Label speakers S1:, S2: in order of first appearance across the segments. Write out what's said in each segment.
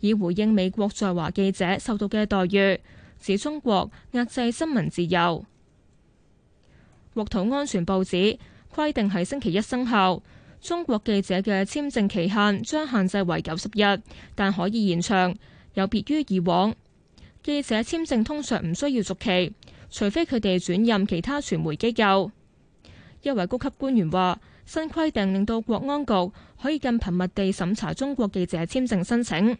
S1: 以回應美國在華記者受到嘅待遇，指中國壓制新聞自由。國土安全部指規定喺星期一生效，中國記者嘅簽證期限將限制為九十日，但可以延長，有別於以往。記者簽證通常唔需要續期，除非佢哋轉任其他傳媒機構。一位高級官員話，新規定令到國安局可以更頻密地審查中國記者簽證申請。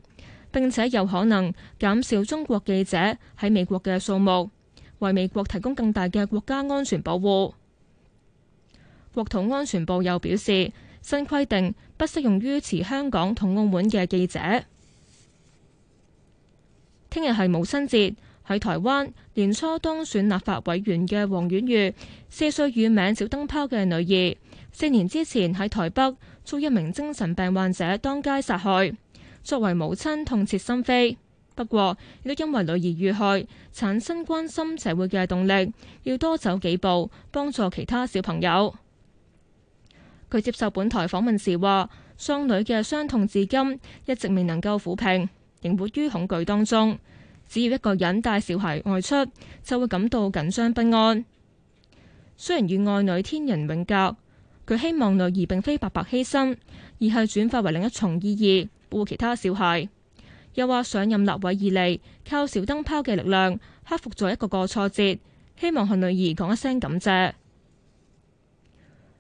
S1: 並且有可能減少中國記者喺美國嘅數目，為美國提供更大嘅國家安全保護。國土安全部又表示，新規定不適用於持香港同澳門嘅記者。聽日係母親節，喺台灣年初當選立法委員嘅黃婉玉，四歲乳名小燈泡嘅女兒，四年之前喺台北遭一名精神病患者當街殺害。作為母親痛徹心扉，不過亦都因為女兒遇害產生關心社會嘅動力，要多走幾步幫助其他小朋友。佢接受本台訪問時話，喪女嘅傷痛至今一直未能夠撫平，仍活於恐懼當中。只要一個人帶小孩外出，就會感到緊張不安。雖然與愛女天人永隔，佢希望女兒並非白白犧牲，而係轉化為另一重意義。護其他小孩，又話上任立委以嚟，靠小燈泡嘅力量克服咗一個個挫折，希望向女兒講一聲感謝。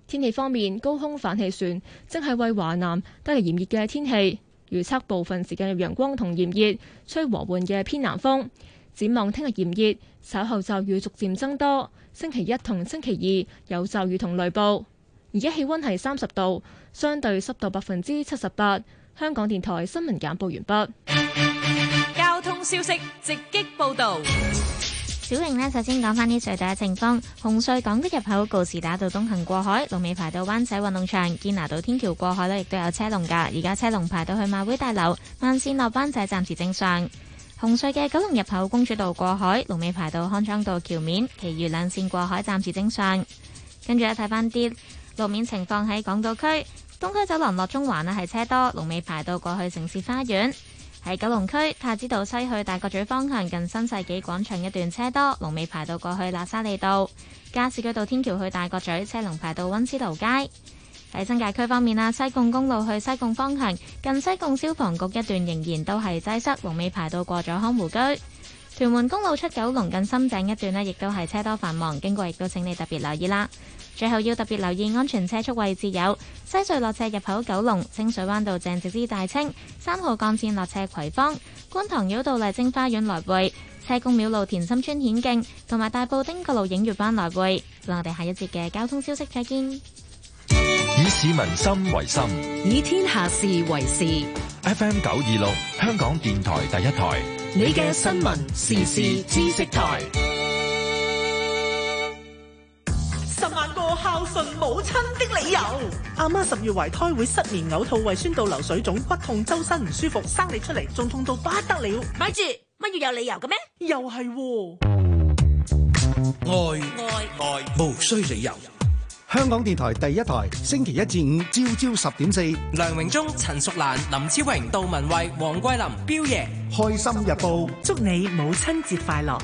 S1: 天氣方面，高空反氣旋正係為華南帶嚟炎熱嘅天氣，預測部分時間有陽光同炎熱，吹和緩嘅偏南風。展望聽日炎熱，稍後驟雨逐漸增多，星期一同星期二有驟雨同雷暴。而家氣温係三十度，相對濕度百分之七十八。香港電台新聞簡報完畢。
S2: 交通消息直擊報道，
S1: 小瑩呢，首先
S3: 講翻啲隧道嘅情況。紅隧港島入口告士打道東行過海，龍尾排到灣仔運動場；堅拿道天橋過海咧，亦都有車龍噶。而家車龍排到去馬會大樓，慢線落灣仔暫時正常。紅隧嘅九龍入口公主道過海，龍尾排到康莊道橋面，其餘兩線過海暫時正常。跟住一睇翻啲路面情況喺港島區。東區走廊落中環啊，係車多龍尾排到過去城市花園；喺九龍區太子道西去大角咀方向，近新世紀廣場一段車多龍尾排到過去喇沙利道；加士居道天橋去大角咀，車龍排到溫思道街。喺新界區方面啊，西貢公路去西貢方向，近西貢消防局一段仍然都係擠塞，龍尾排到過咗康湖居。屯門公路出九龍近深井一段呢，亦都係車多繁忙，經過亦都請你特別留意啦。最後要特別留意安全車速位置，有西隧落斜入口九龍、清水灣道鄭直之大清、三號幹線落斜葵芳、觀塘繞道麗晶花園來回車公廟路田心村、顯徑同埋大埔汀角路影月灣來回。我哋下一節嘅交通消息再見。
S4: 以市民心為心，
S3: 以天下事為事。
S4: FM 九二六，香港電台第一台，
S5: 你嘅新聞時事知識台。
S2: 十萬個孝順母親的理由，阿媽，媽十月懷胎會失眠、嘔吐、胃酸倒流、水腫、骨痛、周身唔舒服，生你出嚟仲痛到不得了。咪住，乜要有理由嘅咩？又係、哦、愛，
S5: 愛，愛，愛，無需理由。香港電台第一台，星期一至五朝朝十點四。梁榮忠、陳淑蘭、林超榮、杜文慧、黃桂林、彪爺。開心日報，祝你母親節快樂。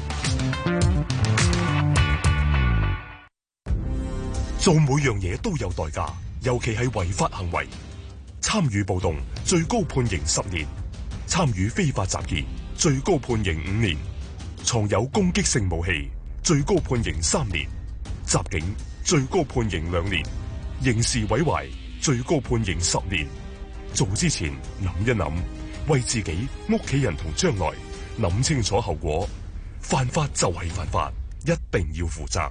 S4: 做每樣嘢都有代價，尤其係違法行為。參與暴動最高判刑十年，參與非法集結最高判刑五年，藏有攻擊性武器最高判刑三年，襲警最高判刑兩年，刑事毀壞最高判刑十年。做之前諗一諗，為自己、屋企人同將來諗清楚後果。犯法就係犯法，一定要負責。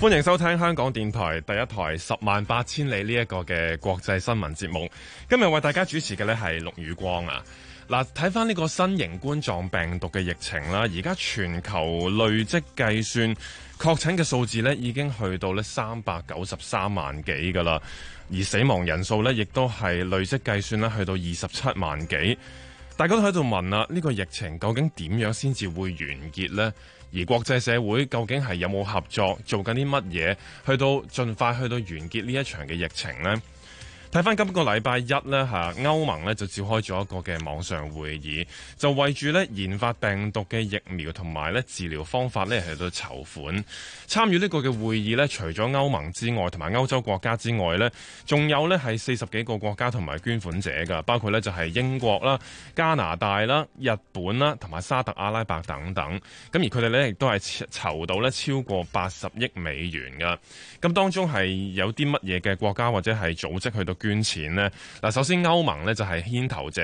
S4: 歡迎收聽香港電台第一台《十萬八千里》呢一個嘅國際新聞節目。今日為大家主持嘅呢係陸宇光啊。嗱，睇翻呢個新型冠狀病毒嘅疫情啦，而家全球累積計算確診嘅數字呢已經去到呢三百九十三萬幾噶啦，而死亡人數呢，亦都係累積計算呢去到二十七萬幾。大家都喺度問啊，呢個疫情究竟點樣先至會完結呢？而國際社會究竟係有冇合作，做緊啲乜嘢，去到盡快去到完結呢一場嘅疫情呢？睇翻今個禮拜一呢，吓歐盟呢就召開咗一個嘅網上會議，就為住呢研發病毒嘅疫苗同埋呢治療方法呢，係度籌款。參與呢個嘅會議呢，除咗歐盟之外，同埋歐洲國家之外呢，仲有呢係四十幾個國家同埋捐款者㗎，包括呢就係英國啦、加拿大啦、日本啦，同埋沙特阿拉伯等等。咁而佢哋呢亦都係籌到呢超過八十億美元㗎。咁當中係有啲乜嘢嘅國家或者係組織去到？捐錢呢，嗱，首先歐盟呢就係牽頭者，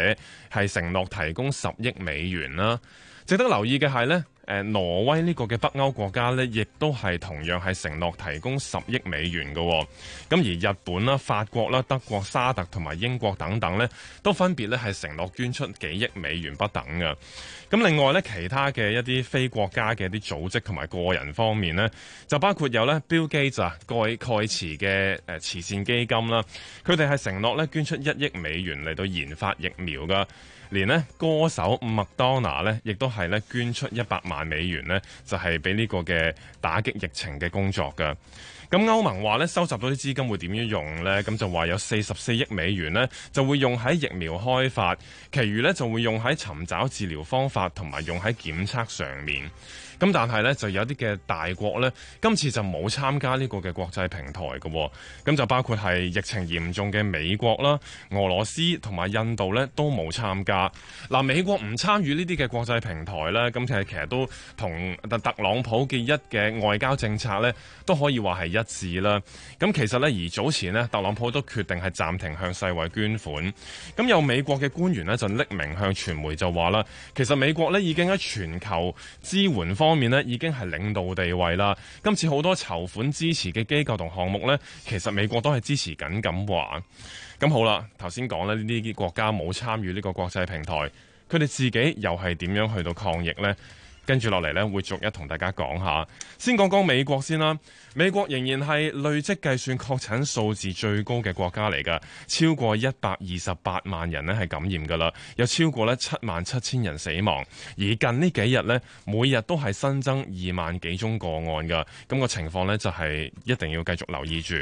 S4: 係承諾提供十億美元啦。值得留意嘅係呢。誒挪威呢個嘅北歐國家呢，亦都係同樣係承諾提供十億美元嘅，哦。咁而日本啦、啊、法國啦、啊、德國、沙特同埋英國等等呢，都分別咧係承諾捐出幾億美元不等嘅。咁另外呢，其他嘅一啲非國家嘅啲組織同埋個人方面呢，就包括有呢標記就係蓋蓋茨嘅誒慈善基金啦，佢哋係承諾咧捐出一億美元嚟到研發疫苗嘅。連呢歌手麥當娜呢，亦都係呢捐出一百萬美元呢，就係俾呢個嘅打擊疫情嘅工作㗎。咁歐盟話呢，收集到啲資金會點樣用呢？咁就話有四十四億美元呢就會用喺疫苗開發，其餘呢就會用喺尋找治療方法同埋用喺檢測上面。咁但係咧，就有啲嘅大國咧，今次就冇參加呢個嘅國際平台嘅，哦，咁就包括係疫情嚴重嘅美國啦、俄羅斯同埋印度咧都冇參加。嗱、啊，美國唔參與呢啲嘅國際平台咧，咁其實其實都同特特朗普嘅一嘅外交政策咧都可以話係一致啦。咁其實咧，而早前咧，特朗普都決定係暫停向世衛捐款。咁有美國嘅官員咧就匿名向傳媒就話啦，其實美國咧已經喺全球支援方方面呢，已經係領導地位啦。今次好多籌款支持嘅機構同項目呢，其實美國都係支持緊，咁話。咁好啦，頭先講呢呢啲國家冇參與呢個國際平台，佢哋自己又係點樣去到抗疫呢？跟住落嚟呢會逐一同大家講下。先講講美國先啦，美國仍然係累積計算確診數字最高嘅國家嚟噶，超過一百二十八萬人呢係感染噶啦，有超過呢七萬七千人死亡。而近呢幾日呢，每日都係新增二萬幾宗個案噶，咁個情況呢，就係一定要繼續留意住。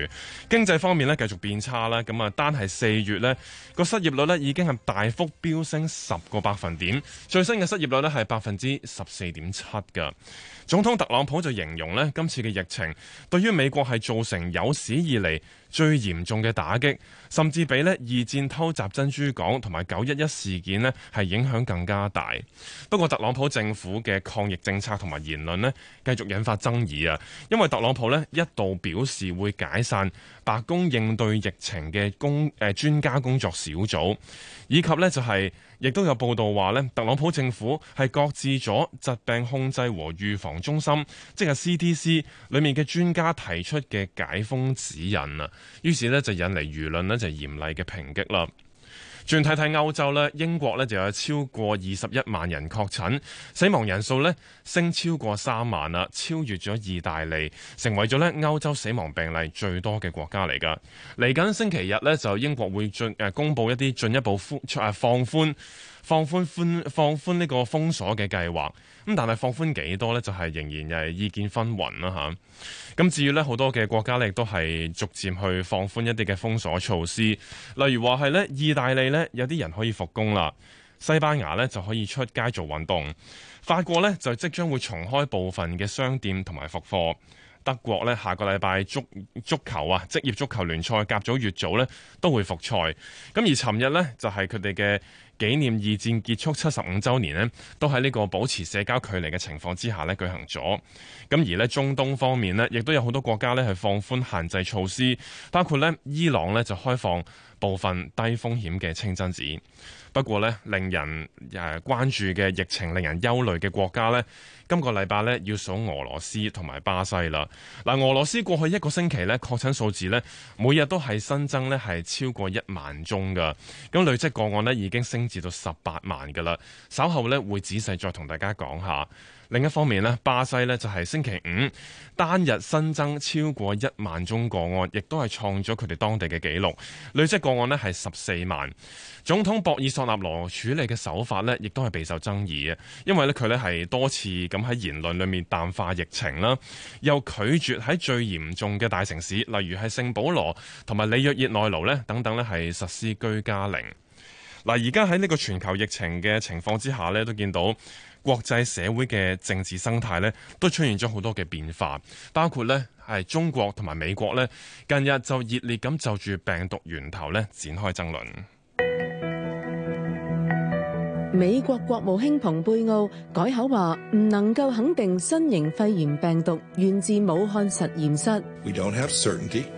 S4: 經濟方面呢，繼續變差啦。咁啊，單係四月呢個失業率呢，已經係大幅飆升十個百分點，最新嘅失業率呢，係百分之十四點七噶，總統特朗普就形容呢今次嘅疫情對於美國係造成有史以嚟最嚴重嘅打擊，甚至比呢二戰偷襲珍珠港同埋九一一事件呢係影響更加大。不過特朗普政府嘅抗疫政策同埋言論呢繼續引發爭議啊，因為特朗普呢一度表示會解散白宮應對疫情嘅工誒、呃、專家工作小組，以及呢就係、是。亦都有報道話咧，特朗普政府係擱置咗疾病控制和預防中心，即係 CDC 裏面嘅專家提出嘅解封指引啊，於是咧就引嚟輿論咧就嚴厲嘅抨擊啦。轉睇睇歐洲咧，英國咧就有超過二十一萬人確診，死亡人數呢升超過三萬啦，超越咗意大利，成為咗咧歐洲死亡病例最多嘅國家嚟㗎。嚟緊星期日呢，就英國會進誒、呃、公布一啲進一步寬啊放寬。放寬寬放寬呢個封鎖嘅計劃咁，但係放寬幾多呢？就係、是、仍然又係意見紛紜啦。嚇，咁至於呢，好多嘅國家呢，都係逐漸去放寬一啲嘅封鎖措施。例如話係呢，意大利呢有啲人可以復工啦，西班牙呢就可以出街做運動，法國呢就即將會重開部分嘅商店同埋復課，德國呢下個禮拜足足球啊，職業足球聯賽甲組乙組呢都會復賽。咁而尋日呢，就係佢哋嘅。紀念二戰結束七十五週年呢，都喺呢個保持社交距離嘅情況之下咧舉行咗。咁而呢，中東方面呢，亦都有好多國家呢，係放寬限制措施，包括呢伊朗呢，就開放部分低風險嘅清真寺。不過呢，令人誒關注嘅疫情令人憂慮嘅國家呢，今個禮拜呢，要數俄羅斯同埋巴西啦。嗱，俄羅斯過去一個星期呢，確診數字呢，每日都係新增呢，係超過一萬宗㗎。咁累積個案呢，已經升，至到十八萬噶啦，稍後咧，會仔細再同大家講下。另一方面咧，巴西咧就係星期五單日新增超過一萬宗個案，亦都係創咗佢哋當地嘅紀錄。累積個案咧，係十四萬。總統博爾索納羅處理嘅手法咧，亦都係備受爭議嘅，因為咧佢咧係多次咁喺言論裏面淡化疫情啦，又拒絕喺最嚴重嘅大城市，例如係聖保羅同埋里約熱內盧咧等等咧係實施居家令。嗱，而家喺呢個全球疫情嘅情況之下咧，都見到國際社會嘅政治生態咧，都出現咗好多嘅變化，包括咧係中國同埋美國咧，近日就熱烈咁就住病毒源頭咧，展開爭論。
S2: 美國國務卿蓬佩奧改口話唔能夠肯定新型肺炎病毒源自武漢實驗室。
S3: We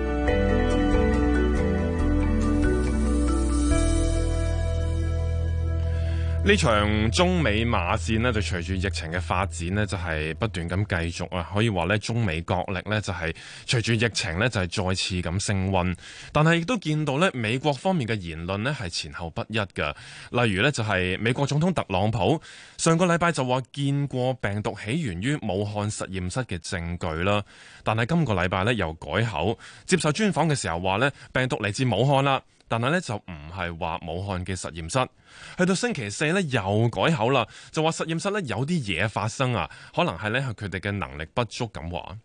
S4: 呢場中美罵戰呢，就隨住疫情嘅發展呢，就係不斷咁繼續啊！可以話呢，中美角力呢，就係隨住疫情呢，就係再次咁升溫。但係亦都見到呢，美國方面嘅言論呢係前後不一㗎。例如呢，就係美國總統特朗普上個禮拜就話見過病毒起源於武漢實驗室嘅證據啦，但係今個禮拜呢又改口，接受專訪嘅時候話呢病毒嚟自武漢啦，但係咧就唔係話武漢嘅實驗室，去到星期四呢，又改口啦，就話實驗室呢有啲嘢發生啊，可能係呢佢哋嘅能力不足咁話。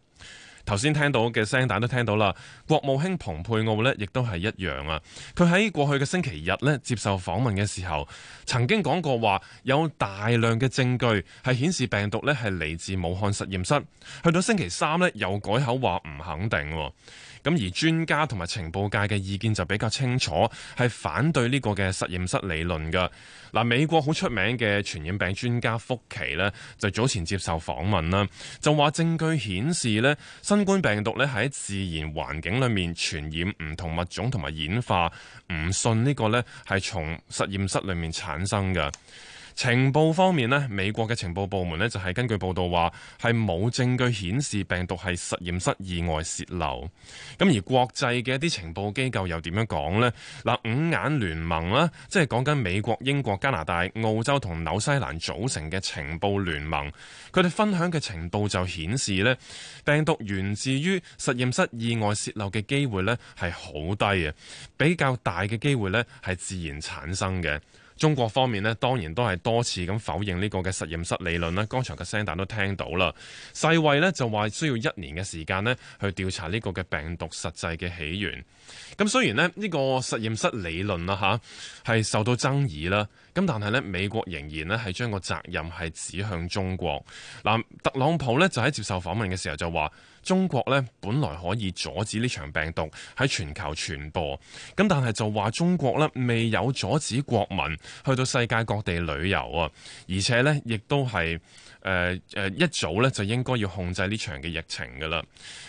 S4: 頭先聽到嘅聲帶都聽到啦。國務卿蓬佩奧呢亦都係一樣啊，佢喺過去嘅星期日呢接受訪問嘅時候，曾經講過話有大量嘅證據係顯示病毒呢係嚟自武漢實驗室。去到星期三呢，又改口話唔肯定。咁而專家同埋情報界嘅意見就比較清楚，係反對呢個嘅實驗室理論嘅。嗱，美國好出名嘅傳染病專家福奇呢，就早前接受訪問啦，就話證據顯示呢新冠病毒呢喺自然環境裏面傳染唔同物種同埋演化，唔信呢個呢係從實驗室裏面產生嘅。情報方面咧，美國嘅情報部門咧就係根據報道話，係冇證據顯示病毒係實驗室意外洩漏。咁而國際嘅一啲情報機構又點樣講呢？嗱，五眼聯盟啦，即係講緊美國、英國、加拿大、澳洲同紐西蘭組成嘅情報聯盟，佢哋分享嘅情報就顯示咧，病毒源自於實驗室意外洩漏嘅機會咧係好低嘅，比較大嘅機會咧係自然產生嘅。中國方面咧，當然都係多次咁否認呢個嘅實驗室理論啦。剛才嘅聲帶都聽到啦，世衛咧就話需要一年嘅時間咧去調查呢個嘅病毒實際嘅起源。咁雖然咧呢個實驗室理論啦嚇係受到爭議啦。咁但係咧，美國仍然咧係將個責任係指向中國。嗱，特朗普咧就喺接受訪問嘅時候就話：中國咧本來可以阻止呢場病毒喺全球傳播，咁但係就話中國咧未有阻止國民去到世界各地旅遊啊，而且咧亦都係。誒誒一早咧就應該要控制呢場嘅疫情㗎啦，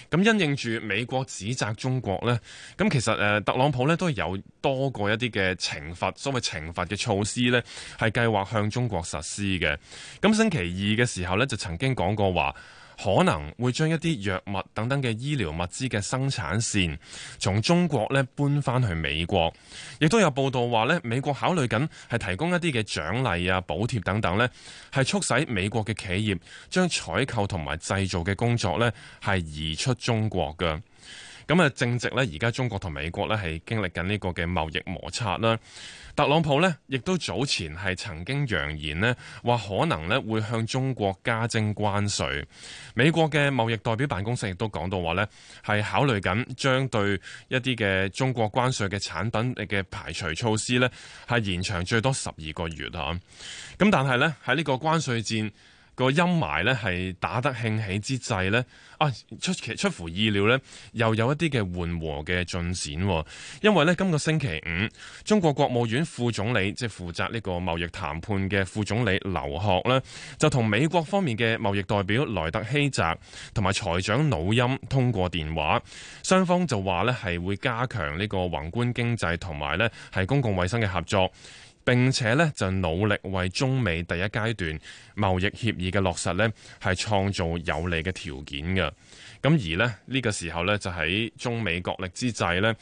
S4: 咁、嗯、因應住美國指責中國呢，咁、嗯、其實誒、呃、特朗普呢，都有多過一啲嘅懲罰，所謂懲罰嘅措施呢，係計劃向中國實施嘅，咁、嗯、星期二嘅時候呢，就曾經講過話。可能會將一啲藥物等等嘅醫療物資嘅生產線從中國咧搬返去美國，亦都有報道話咧，美國考慮緊係提供一啲嘅獎勵啊、補貼等等咧，係促使美國嘅企業將採購同埋製造嘅工作咧係移出中國嘅。咁啊，正值咧而家中國同美國咧係經歷緊呢個嘅貿易摩擦啦。特朗普呢亦都早前係曾經揚言呢話可能咧會向中國加徵關稅。美國嘅貿易代表辦公室亦都講到話呢係考慮緊將對一啲嘅中國關稅嘅產品嘅排除措施呢係延長最多十二個月啊。咁但係呢，喺呢個關稅戰個陰霾咧係打得興起之際呢啊，出其出乎意料呢，又有一啲嘅緩和嘅進展，哦，因為呢，今個星期五，中國國務院副總理即係負責呢個貿易談判嘅副總理劉鶴呢就同美國方面嘅貿易代表萊德希澤同埋財長魯欽通過電話，雙方就話呢係會加強呢個宏觀經濟同埋呢係公共衞生嘅合作。並且咧就努力為中美第一階段貿易協議嘅落實咧係創造有利嘅條件嘅。咁而咧呢個時候呢就喺中美角力之際，呢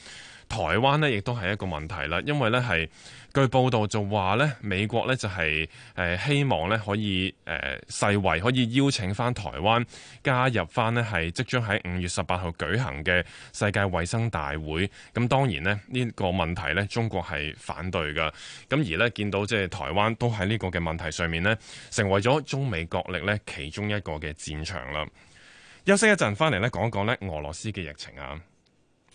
S4: 台灣呢亦都係一個問題啦，因為呢係。據報道就話咧，美國咧就係誒希望咧可以誒、呃、世衛可以邀請翻台灣加入翻咧係即將喺五月十八號舉行嘅世界衛生大會。咁當然咧呢個問題咧中國係反對噶。咁而呢，見到即係台灣都喺呢個嘅問題上面咧，成為咗中美角力呢其中一個嘅戰場啦。休息一陣，翻嚟咧講講咧俄羅斯嘅疫情啊。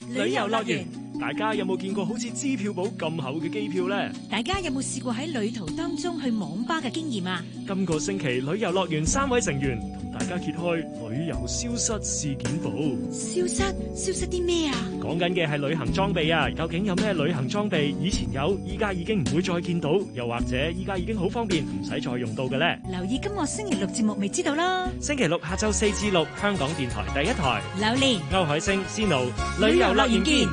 S1: 旅遊樂園，大家
S2: 有
S4: 冇見過好似支票簿咁厚嘅機票呢？
S2: 大家有冇試過喺旅途當中去網
S1: 吧嘅經驗啊？
S4: 今個星期旅遊樂園三位成員同大家揭開旅遊消失事件簿。消
S1: 失，消失啲咩啊？
S4: 講緊嘅係旅行裝備啊，究竟有咩旅行裝備以前有，依家已經唔會再見到，又或者依家已經好方便，唔使再用到嘅呢？
S2: 留意今個星期六節目，咪知道咯。
S4: 星期六下晝四至六，香
S5: 港電台第一台。柳蓮、歐海星、思露旅遊。樂見，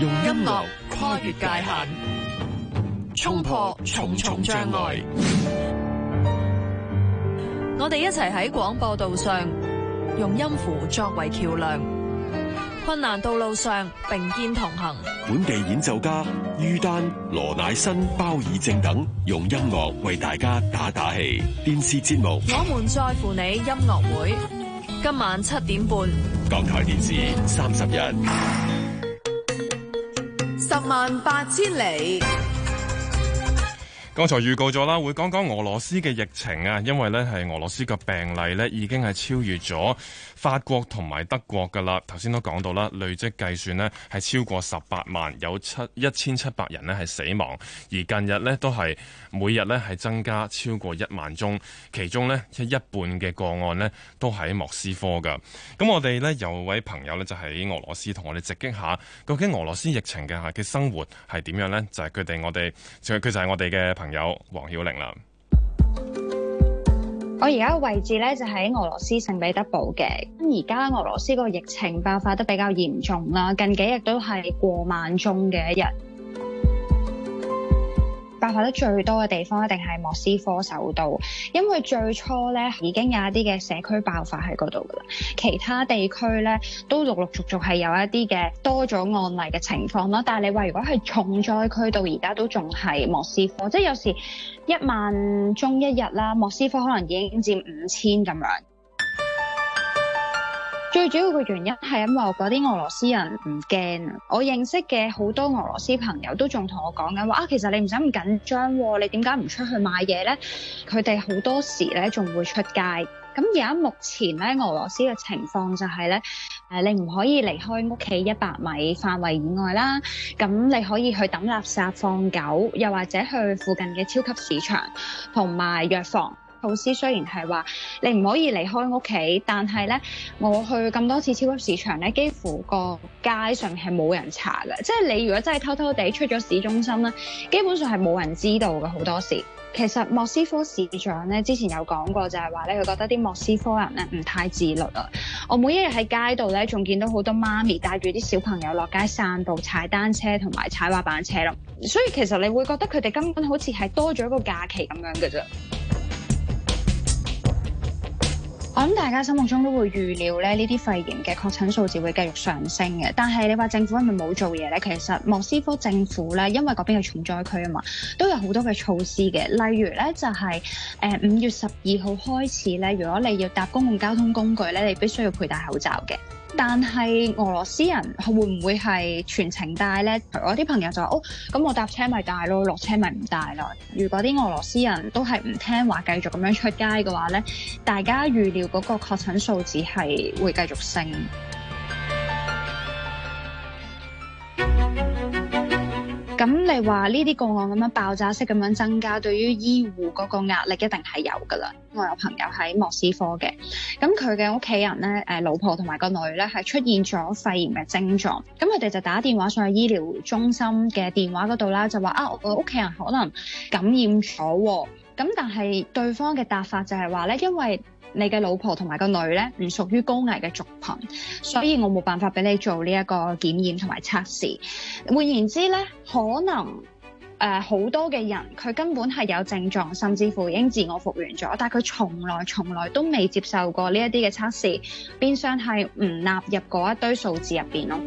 S5: 用音樂跨越界限，衝破，衝破重重障礙。
S2: 我哋一齊喺廣播道上，用音符作為橋樑，困難道路上並肩同行。
S4: 本地演奏家于丹、羅乃新、包以正等，用音樂為大家打打氣。電視節目，我
S2: 們在乎你音樂會。
S6: 今晚七點半，
S4: 港台電視三十日，
S6: 十萬八千里。
S4: 剛才預告咗啦，會講講俄羅斯嘅疫情啊，因為呢係俄羅斯嘅病例呢已經係超越咗。法國同埋德國噶啦，頭先都講到啦，累積計算呢係超過十八萬，有七一千七百人呢係死亡，而近日呢，都係每日呢係增加超過一萬宗，其中呢，一一半嘅個案呢都喺莫斯科噶。咁我哋呢，有位朋友呢就喺俄羅斯同我哋直擊下，究竟俄羅斯疫情嘅下嘅生活係點樣呢？就係佢哋我哋佢佢就係我哋嘅朋友黃曉玲啦。
S7: 我而家位置咧就喺、是、俄羅斯聖彼得堡嘅，咁而家俄羅斯嗰個疫情爆發得比較嚴重啦，近幾日都係過萬宗嘅一日。爆發得最多嘅地方一定係莫斯科首都，因為最初咧已經有一啲嘅社區爆發喺嗰度噶啦，其他地區咧都陸陸續續係有一啲嘅多咗案例嘅情況咯。但係你話如果係重災區，到而家都仲係莫斯科，即係有時一萬宗一日啦，莫斯科可能已經佔五千咁樣。最主要嘅原因係因為嗰啲俄羅斯人唔驚。我認識嘅好多俄羅斯朋友都仲同我講緊話啊，其實你唔使咁緊張喎，你點解唔出去買嘢呢？佢哋好多時咧仲會出街。咁而家目前咧俄羅斯嘅情況就係咧，誒你唔可以離開屋企一百米範圍以外啦。咁你可以去抌垃圾、放狗，又或者去附近嘅超級市場同埋藥房。措施雖然係話你唔可以離開屋企，但係咧，我去咁多次超級市場咧，幾乎個街上面係冇人查嘅，即係你如果真係偷偷地出咗市中心咧，基本上係冇人知道嘅，好多時。其實莫斯科市長咧之前有講過就，就係話咧，佢覺得啲莫斯科人咧唔太自律啊。我每一日喺街度咧，仲見到好多媽咪帶住啲小朋友落街散步、踩單車同埋踩滑板車咯，所以其實你會覺得佢哋根本好似係多咗一個假期咁樣嘅啫。我諗大家心目中都會預料咧，呢啲肺炎嘅確診數字會繼續上升嘅。但係你話政府係咪冇做嘢呢？其實莫斯科政府呢，因為嗰邊係重災區啊嘛，都有好多嘅措施嘅。例如呢，就係誒五月十二號開始呢，如果你要搭公共交通工具呢，你必須要佩戴口罩嘅。但係俄羅斯人會唔會係全程帶呢？我啲朋友就話：哦，咁我搭車咪帶咯，落車咪唔帶咯。如果啲俄羅斯人都係唔聽話，繼續咁樣出街嘅話呢，大家預料嗰個確診數字係會繼續升。咁你話呢啲個案咁樣爆炸式咁樣增加，對於醫護嗰個壓力一定係有噶啦。我有朋友喺莫斯科嘅，咁佢嘅屋企人咧，誒老婆同埋個女咧，係出現咗肺炎嘅症狀，咁佢哋就打電話上去醫療中心嘅電話嗰度啦，就話啊，我個屋企人可能感染咗喎、啊，咁但係對方嘅答法就係話咧，因為，你嘅老婆同埋個女呢，唔屬於高危嘅族群，所以我冇辦法俾你做呢一個檢驗同埋測試。換言之呢，可能誒好、呃、多嘅人，佢根本係有症狀，甚至乎已經自我復原咗，但係佢從來從來都未接受過呢一啲嘅測試，變相係唔納入嗰一堆數字入邊咯。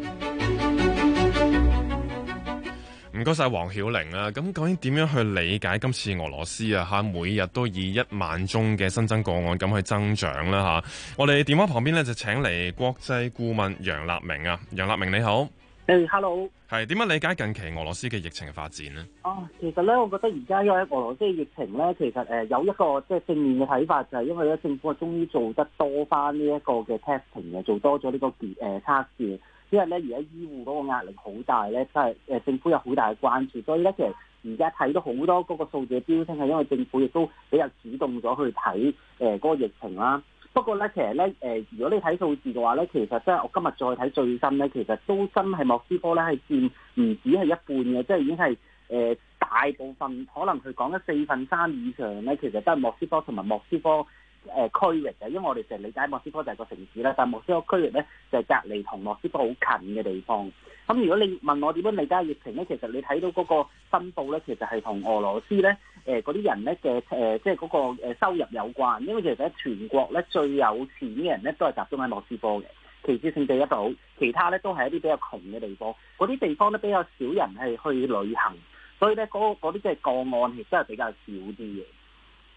S4: 唔該晒黃曉玲啊。咁究竟點樣去理解今次俄羅斯啊吓，每日都以一萬宗嘅新增個案咁去增長啦吓？我哋電話旁邊咧就請嚟國際顧問楊立明啊，楊立明你好，
S5: 誒 Hey,hello，
S4: 係點樣理解近期俄羅斯嘅疫情嘅發展呢？啊
S5: ，oh, 其實咧，我覺得而家因為俄羅斯嘅疫情咧，其實誒、呃、有一個即係正面嘅睇法就係因為咧政府啊終於做得多翻呢一個嘅 testing 嘅，做多咗呢、這個檢誒測試。呃因為咧而家醫護嗰個壓力好大咧，即係誒政府有好大嘅關注，所以咧其實而家睇到好多嗰個數字嘅飆升，係因為政府亦都比較主動咗去睇誒嗰個疫情啦。不過咧，其實咧誒，如果你睇數字嘅話咧，其實即係我今日再睇最新咧，其實都真係莫斯科咧係佔唔止係一半嘅，即係已經係誒大部分，可能佢講咗四分三以上咧，其實都係莫斯科同埋莫斯科。誒區域嘅，因為我哋成日理解莫斯科就係個城市啦，但莫斯科區域咧就係、是、隔籬同莫斯科好近嘅地方。咁、嗯、如果你問我點樣理解疫情咧，其實你睇到嗰個分布咧，其實係同俄羅斯咧誒嗰啲人咧嘅誒，即係嗰個誒收入有關。因為其實喺全國咧最有錢嘅人咧都係集中喺莫斯科嘅，其次性地一度，其他咧都係一啲比較窮嘅地方。嗰啲地方咧比較少人係去旅行，所以咧嗰啲即係個案亦都係比較少啲嘅。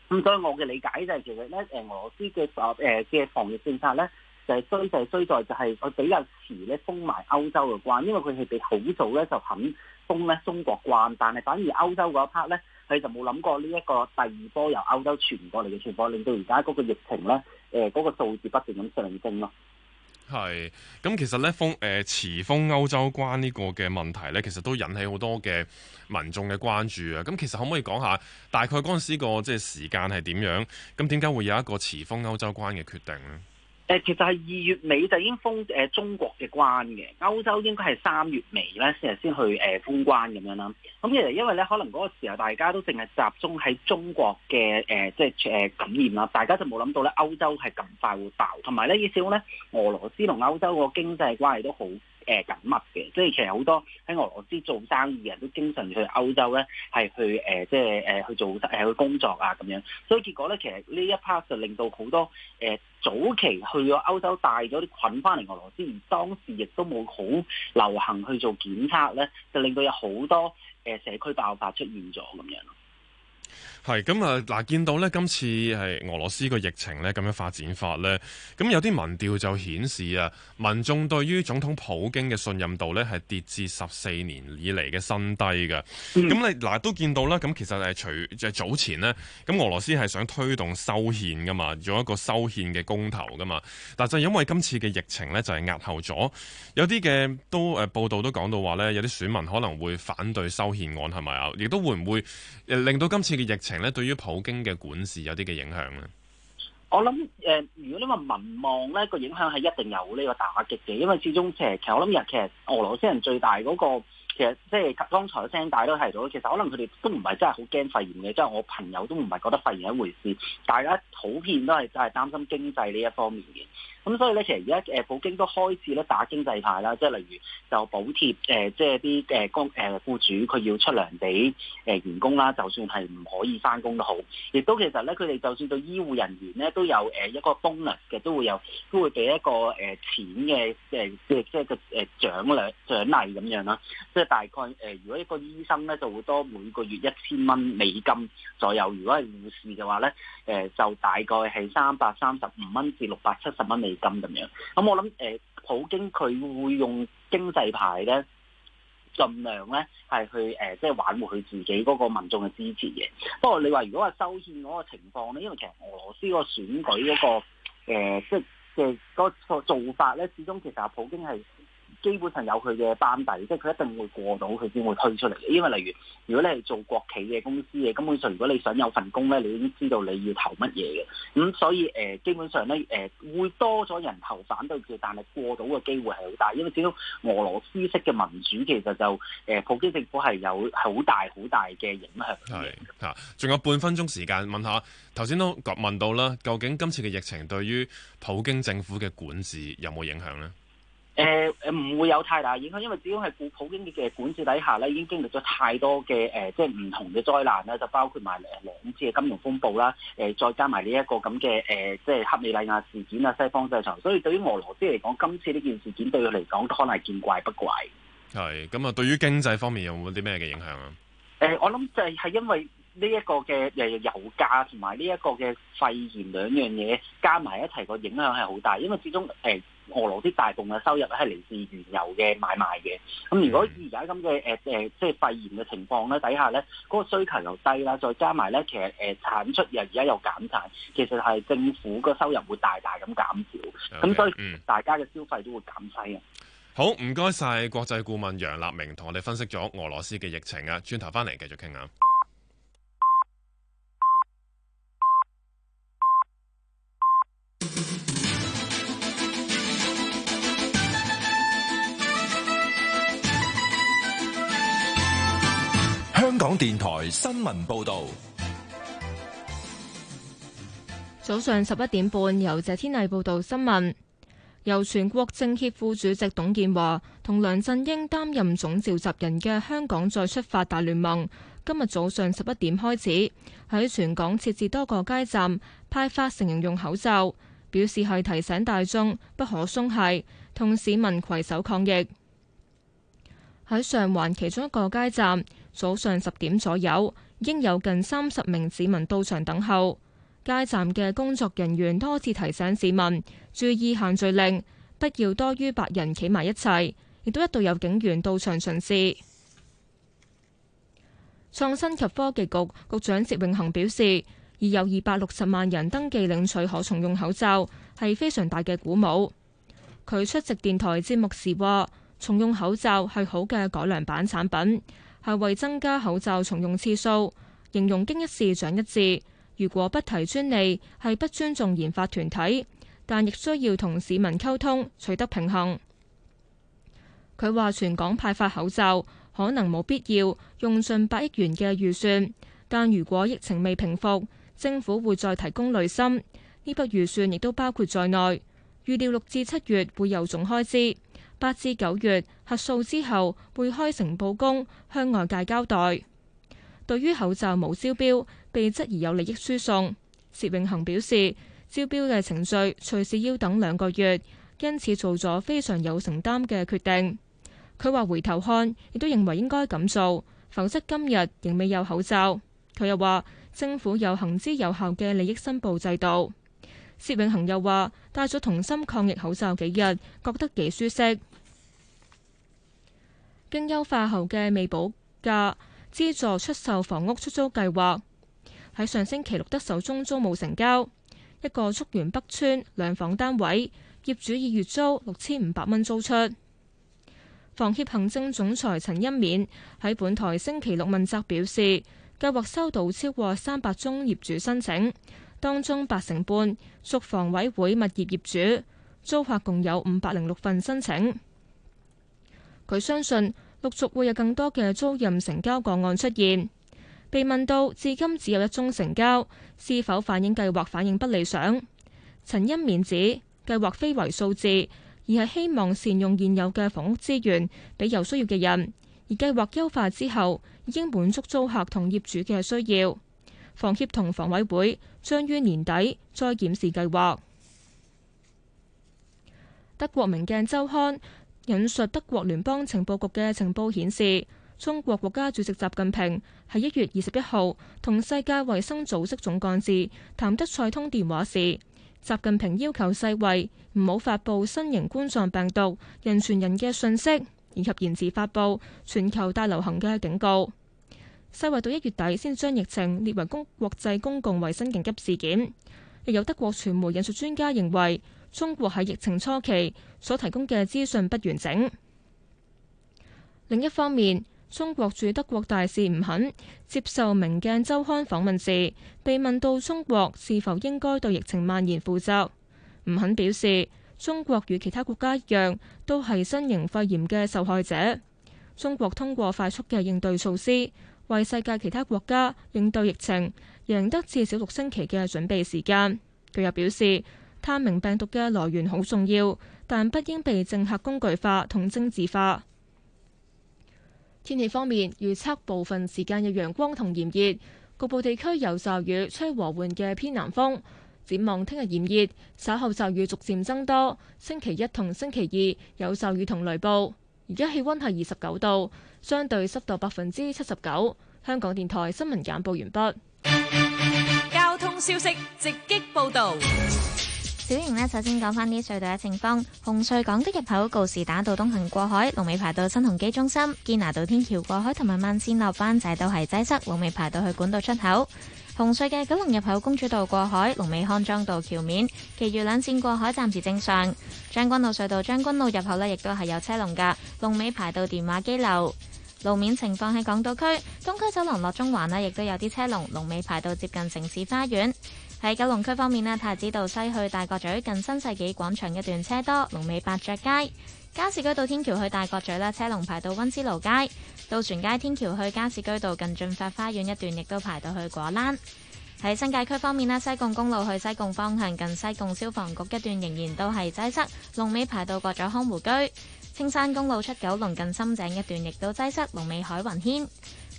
S5: 咁所以我嘅理解就係其實咧，誒俄羅斯嘅索誒嘅防疫政策咧，就係衰就係衰在就係佢比較遲咧封埋歐洲嘅關，因為佢係比好早咧就肯封咧中國關，但係反而歐洲嗰一 part 咧，佢就冇諗過呢一個第二波由歐洲傳過嚟嘅傳播，令到而家嗰個疫情咧，誒嗰個數字不斷咁上升咯。
S4: 係，咁其實呢，封誒遲封歐洲關呢個嘅問題呢，其實都引起好多嘅民眾嘅關注啊！咁其實可唔可以講下大概嗰陣時個即係時間係點樣？咁點解會有一個遲封歐洲關嘅決定呢？
S5: 誒，其實係二月尾就已經封誒中國嘅關嘅，歐洲應該係三月尾咧先係先去誒封關咁樣啦。咁其實因為咧，可能嗰個時候大家都淨係集中喺中國嘅誒，即係誒感染啦，大家就冇諗到咧歐洲係咁快會爆，同埋咧亦少咧俄羅斯同歐洲個經濟關係都好。誒緊密嘅，即係其實好多喺俄羅斯做生意嘅人都經常去歐洲咧，係去誒、呃，即係誒、呃、去做誒、呃、去工作啊咁樣。所以結果咧，其實呢一 part 就令到好多誒、呃、早期去咗歐洲帶咗啲菌翻嚟俄羅斯，而當時亦都冇好流行去做檢測咧，就令到有好多誒、呃、社區爆發出現咗咁樣。
S4: 係咁啊！嗱，見到呢，今次係俄羅斯個疫情呢，咁樣發展法呢，咁有啲民調就顯示啊，民眾對於總統普京嘅信任度呢，係跌至十四年以嚟嘅新低嘅。咁、嗯、你嗱、啊、都見到啦，咁其實係除早前呢，咁俄羅斯係想推動修憲㗎嘛，做一個修憲嘅公投㗎嘛。但就因為今次嘅疫情呢，就係、是、押後咗，有啲嘅都誒、呃、報道都講到話呢，有啲選民可能會反對修憲案係咪啊？亦都會唔會令到今次嘅疫情，咧對於普京嘅管事有啲嘅影響咧，
S5: 我諗誒、呃，如果你話民望咧、呢個影響係一定有呢個打擊嘅，因為始終即係其實我諗日其實俄羅斯人最大嗰、嗰個其實即係剛才聲帶都提到，其實,其實可能佢哋都唔係真係好驚肺炎嘅，即、就、係、是、我朋友都唔係覺得肺炎一回事，大家普遍都係真係擔心經濟呢一方面嘅。咁所以咧，其實而家誒普京都開始咧打經濟牌啦，即係例如就補貼誒，即係啲誒工誒雇主，佢要出糧俾誒員工啦，就算係唔可以翻工都好。亦都其實咧，佢哋就算對醫護人員咧都有誒一個功能嘅，都會有都會俾一個誒錢嘅誒即係即係個誒獎勵獎勵咁樣啦。即係大概誒，如果一個醫生咧就會多每個月一千蚊美金左右；如果係護士嘅話咧，誒就大概係三百三十五蚊至六百七十蚊美。資金咁樣，咁我諗誒、呃，普京佢會用經濟牌咧，盡量咧係去誒，即係挽回佢自己嗰個民眾嘅支持嘅。不過你話如果話修憲嗰個情況咧，因為其實俄羅斯嗰個選舉嗰，那個誒，即係嘅嗰個做法咧，始終其實普京係。基本上有佢嘅班底，即係佢一定會過到，佢先會推出嚟。因為例如，如果你係做國企嘅公司嘅，根本上如果你想有份工咧，你已經知道你要投乜嘢嘅。咁、嗯、所以誒、呃，基本上咧誒、呃，會多咗人投反對票，但係過到嘅機會係好大。因為見到俄羅斯式嘅民主，其實就誒、呃，普京政府係有好大好大嘅影響。
S4: 係，吓，仲有半分鐘時間問，問下頭先都問到啦，究竟今次嘅疫情對於普京政府嘅管治有冇影響咧？
S5: 誒誒唔會有太大影響，因為始終係古普京嘅管治底下咧，已經經歷咗太多嘅誒、呃，即係唔同嘅災難啦，就包括埋誒兩次嘅金融風暴啦，誒、呃、再加埋呢一個咁嘅誒，即係克里米亞事件啊，西方制裁，所以對於俄羅斯嚟講，今次呢件事件對佢嚟講，都可能係見怪不怪。
S4: 係咁啊，對於經濟方面有冇啲咩嘅影響
S5: 啊？誒、呃，我諗就係係因為呢一個嘅誒油價同埋呢一個嘅肺炎兩樣嘢加埋一齊個影響係好大，因為始終誒。呃俄羅斯大部分嘅收入係嚟自原油嘅買賣嘅，咁如果而家咁嘅誒誒，即係肺炎嘅情況咧底下咧，嗰、那個需求又低啦，再加埋咧，其實誒、呃、產出又而家又減曬，其實係政府個收入會大大咁減少，咁 Okay, 所以大家嘅消費都會減低嘅。嗯、
S4: 好，唔該晒國際顧問楊立明同我哋分析咗俄羅斯嘅疫情啊，轉頭翻嚟繼續傾下。香港電台新聞報道，
S1: 早上十一點半由謝天麗報道新聞。由全國政協副主席董建華同梁振英擔任總召集人嘅香港再出發大聯盟今日早上十一點開始喺全港設置多個街站派發成人用口罩，表示係提醒大眾不可鬆懈，同市民携手抗疫。喺上環其中一個街站。早上十點左右，應有近三十名市民到場等候。街站嘅工作人員多次提醒市民注意限聚令，不要多於八人企埋一齊，亦都一度有警員到場巡視。 創新及科技局局，局長謝永恆表示，已有二百六十萬人登記領取可重用口罩，係非常大嘅鼓舞。佢出席電台節目時話，重用口罩係好嘅改良版產品。係為增加口罩重用次數，形容經一事長一智。如果不提專利，係不尊重研發團體，但亦需要同市民溝通，取得平衡。佢話全港派發口罩可能冇必要用盡百億元嘅預算，但如果疫情未平復，政府會再提供濾芯，呢筆預算亦都包括在內。預料六至七月會有總開支。八至九月核數之後會開誠布公向外界交代。對於口罩冇招標被質疑有利益輸送，薛永恒表示招標嘅程序隨時要等兩個月，因此做咗非常有承擔嘅決定。佢話回頭看亦都認為應該咁做，否則今日仍未有口罩。佢又話政府有行之有效嘅利益申報制度。薛永恒又話戴咗同心抗疫口罩幾日，覺得幾舒適。經優化後嘅未補價資助出售房屋出租計劃，喺上星期六得手中租冇成交，一個竹園北村兩房單位，業主以月租六千五百蚊租出。房協行政總裁陳欽勉喺本台星期六問責表示，計劃收到超過三百宗業主申請，當中八成半屬房委會物業業主，租客共有五百零六份申請。佢相信陸續會有更多嘅租賃成交個案出現。被問到至今只有一宗成交，是否反映計劃反應不理想？陳欣勉指計劃非為數字，而係希望善用現有嘅房屋資源俾有需要嘅人。而計劃優化之後，已經滿足租客同業主嘅需要。房協同房委會將於年底再檢視計劃。德國《明鏡周刊》引述德國聯邦情報局嘅情報顯示，中國國家主席習近平喺一月二十一號同世界衛生組織總幹事譚德塞通電話時，習近平要求世衛唔好發布新型冠狀病毒人傳人嘅信息，以及延遲發布全球大流行嘅警告。世衛到一月底先將疫情列為公國際公共衛生緊急事件。亦有德國傳媒引述專家認為。中國喺疫情初期所提供嘅資訊不完整。另一方面，中國駐德國大使吳肯接受《明鏡周刊》訪問時，被問到中國是否應該對疫情蔓延負責，吳肯表示，中國與其他國家一樣，都係新型肺炎嘅受害者。中國通過快速嘅應對措施，為世界其他國家應對疫情贏得至少六星期嘅準備時間。佢又表示。探明病毒嘅來源好重要，但不應被政客工具化同政治化。天氣方面，預測部分時間有陽光同炎熱，局部地區有驟雨，吹和緩嘅偏南風。展望聽日炎熱，稍後驟雨逐漸增多。星期一同星期二有驟雨同雷暴。而家氣溫係二十九度，相對濕度百分之七十九。香港電台新聞簡報完畢。
S2: 交通消息直擊報道。
S1: 小盈呢，首先講返啲
S3: 隧道嘅情況。紅隧港島入口告士打道東行過海，龍尾排到新鴻基中心；堅拿道天橋過海同埋慢線落灣仔都係擠塞，龍尾排到去管道出口。紅隧嘅九龍入口公主道過海，龍尾康莊道橋面，其餘兩線過海暫時正常。將軍澳隧道將軍澳入口呢，亦都係有車龍㗎，龍尾排到電話機樓。路面情況喺港島區東區走廊落中環咧，亦都有啲車龍，龍尾排到接近城市花園。喺九龍區方面咧，太子道西去大角咀近新世紀廣場一段車多，龍尾八雀街；加士居道天橋去大角咀啦，車龍排到温思勞街；渡船街天橋去加士居道近駿發花園一段，亦都排到去果欄。喺新界區方面啦，西貢公路去西貢方向近西貢消防局一段仍然都係擠塞，龍尾排到過咗康湖居；青山公路出九龍近深井一段亦都擠塞，龍尾海雲軒。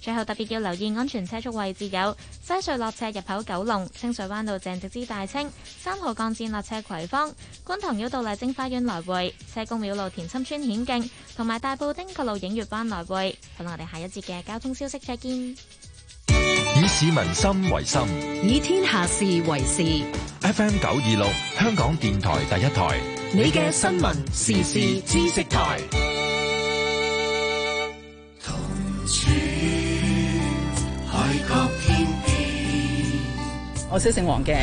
S3: 最後特別要留意安全車速位置，有西隧落斜入口、九龍清水灣道、正直之大清、三號幹線落斜、葵芳觀塘繞道麗晶花園來回、車公廟路田心村顯徑、同埋大埔汀角路影月灣來回。好，我哋下一節嘅交通消息再見。
S4: 以市民心為心，以天下事為事。F M 九二六，香港電台第一台，
S1: 你嘅新聞時事知識台。
S5: 我姓王嘅，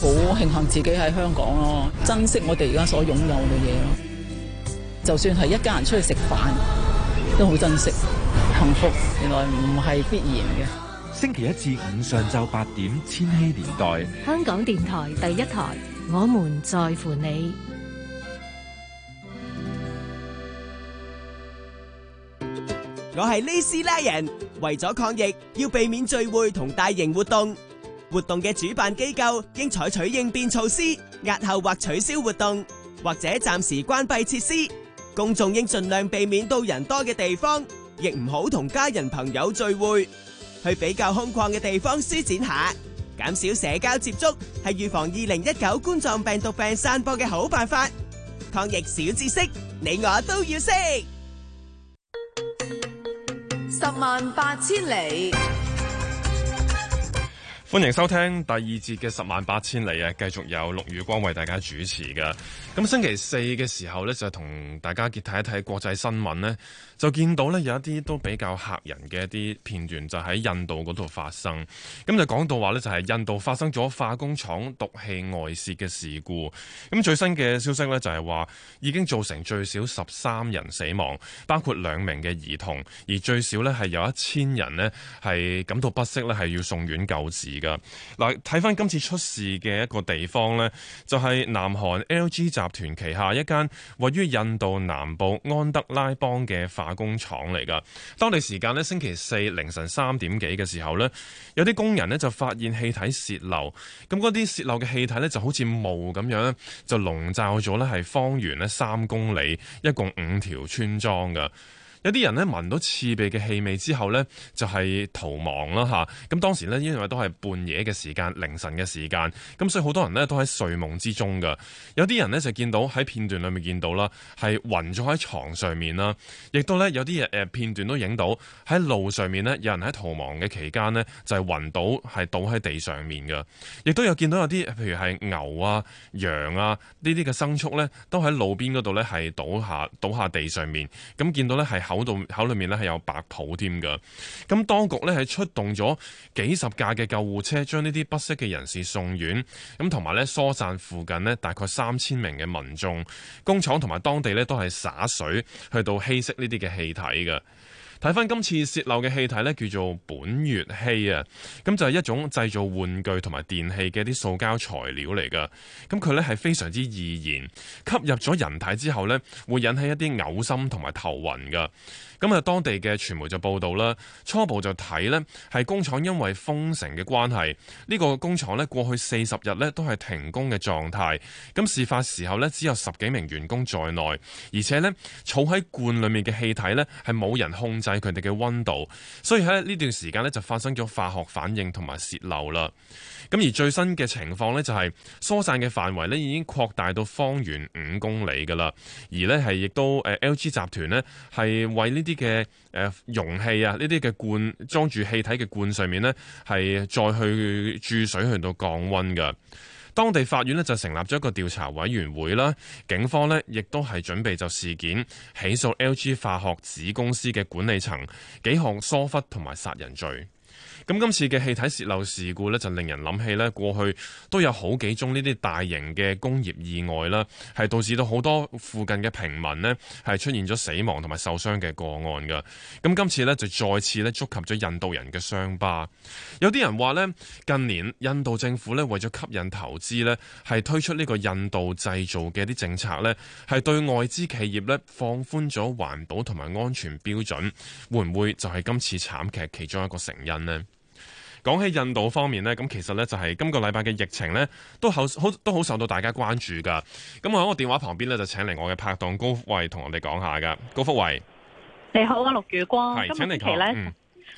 S5: 好慶幸自己喺香港咯，珍惜我哋而家所擁有嘅嘢咯。就算係一家人出去食飯，都好珍惜，幸福原來唔係必然嘅。星期一至五上晝八點，
S4: 千禧年代，
S1: 香港電台第一台，我們在乎你。
S4: 我係 Lacy Lion 人，為咗抗疫，要避免聚會同大型活動。活動嘅主辦機構應採取應變措施，押後或取消活動，或者暫時關閉設施。公眾應盡量避免到人多嘅地方，亦唔好同家人朋友聚會，去比較空曠嘅地方舒展下，減少社交接觸，係預防二零一九冠狀病毒病散播嘅好辦法。抗疫小知識，你我都要識。
S6: 十萬八千里。
S4: 歡迎收聽第二節嘅十萬八千里啊，繼續有陸宇光為大家主持㗎。咁星期四嘅時候呢，就同大家一齊睇一睇國際新聞呢。就見到呢，有一啲都比較嚇人嘅一啲片段，就喺印度嗰度發生。咁就講到話呢，就係印度發生咗化工廠毒氣外洩嘅事故。咁最新嘅消息呢，就係話已經造成最少十三人死亡，包括兩名嘅兒童。而最少呢，係有一千人呢，係感到不適呢係要送院救治嘅。嗱，睇返今次出事嘅一個地方呢，就係南韓 LG 集團旗下一間位於印度南部安德拉邦嘅化工廠嚟噶，當地時間咧星期四凌晨三點幾嘅時候呢，有啲工人呢就發現氣體泄漏，咁嗰啲泄漏嘅氣體呢就好似霧咁樣，就籠罩咗呢係方圓咧三公里，一共五條村莊噶。有啲人呢聞到刺鼻嘅氣味之後呢，就係、是、逃亡啦吓，咁、啊、當時呢，因為都係半夜嘅時間，凌晨嘅時間，咁所以好多人呢都喺睡夢之中嘅。有啲人呢就見到喺片段裏面見到啦，係暈咗喺床上面啦，亦都咧有啲嘢片段都影到喺路上面咧，有人喺逃亡嘅期間呢就係、是、暈倒，係倒喺地上面嘅。亦都有見到有啲譬如係牛啊、羊啊呢啲嘅牲畜咧，都喺路邊嗰度咧係倒下倒下地上面。咁見到咧係。口度口裏面呢係有白泡添噶，咁當局呢係出動咗幾十架嘅救護車，將呢啲不適嘅人士送院，咁同埋呢，疏散附近呢大概三千名嘅民眾，工廠同埋當地呢都係灑水去到稀釋呢啲嘅氣體嘅。睇翻今次泄漏嘅氣體呢，叫做苯乙烯啊，咁就係一種製造玩具同埋電器嘅啲塑膠材料嚟噶，咁佢呢係非常之易燃，吸入咗人體之後呢，會引起一啲嘔心同埋頭暈噶。咁啊，當地嘅傳媒就報道啦，初步就睇呢係工廠因為封城嘅關係，呢個工廠呢過去四十日呢都係停工嘅狀態。咁事發時候呢，只有十幾名員工在內，而且呢儲喺罐裡面嘅氣體呢係冇人控制佢哋嘅溫度，所以喺呢段時間呢就發生咗化學反應同埋洩漏啦。咁而最新嘅情況呢，就係疏散嘅範圍呢已經擴大到方圓五公里㗎啦，而呢係亦都誒 LG 集團呢係為呢啲。啲嘅誒容器啊，呢啲嘅罐裝住氣體嘅罐上面咧，係再去注水去到降溫噶。當地法院咧就成立咗一個調查委員會啦，警方咧亦都係準備就事件起訴 LG 化學子公司嘅管理層幾項疏忽同埋殺人罪。咁今次嘅氣體洩漏事故呢，就令人諗起呢過去都有好幾宗呢啲大型嘅工業意外啦，係導致到好多附近嘅平民呢，係出現咗死亡同埋受傷嘅個案㗎。咁今次呢，就再次呢觸及咗印度人嘅傷疤。有啲人話呢，近年印度政府呢，為咗吸引投資呢，係推出呢個印度製造嘅啲政策呢，係對外資企業呢，放寬咗環保同埋安全標準，會唔會就係今次慘劇其中一個成因呢？講起印度方面咧，咁其實咧就係今個禮拜嘅疫情咧，都好好都好受到大家關注噶。咁我喺我電話旁邊咧，就請嚟我嘅拍檔高福衛同我哋講下噶，高福衛，
S2: 你好啊，陸雨光，今日星期咧。嗯。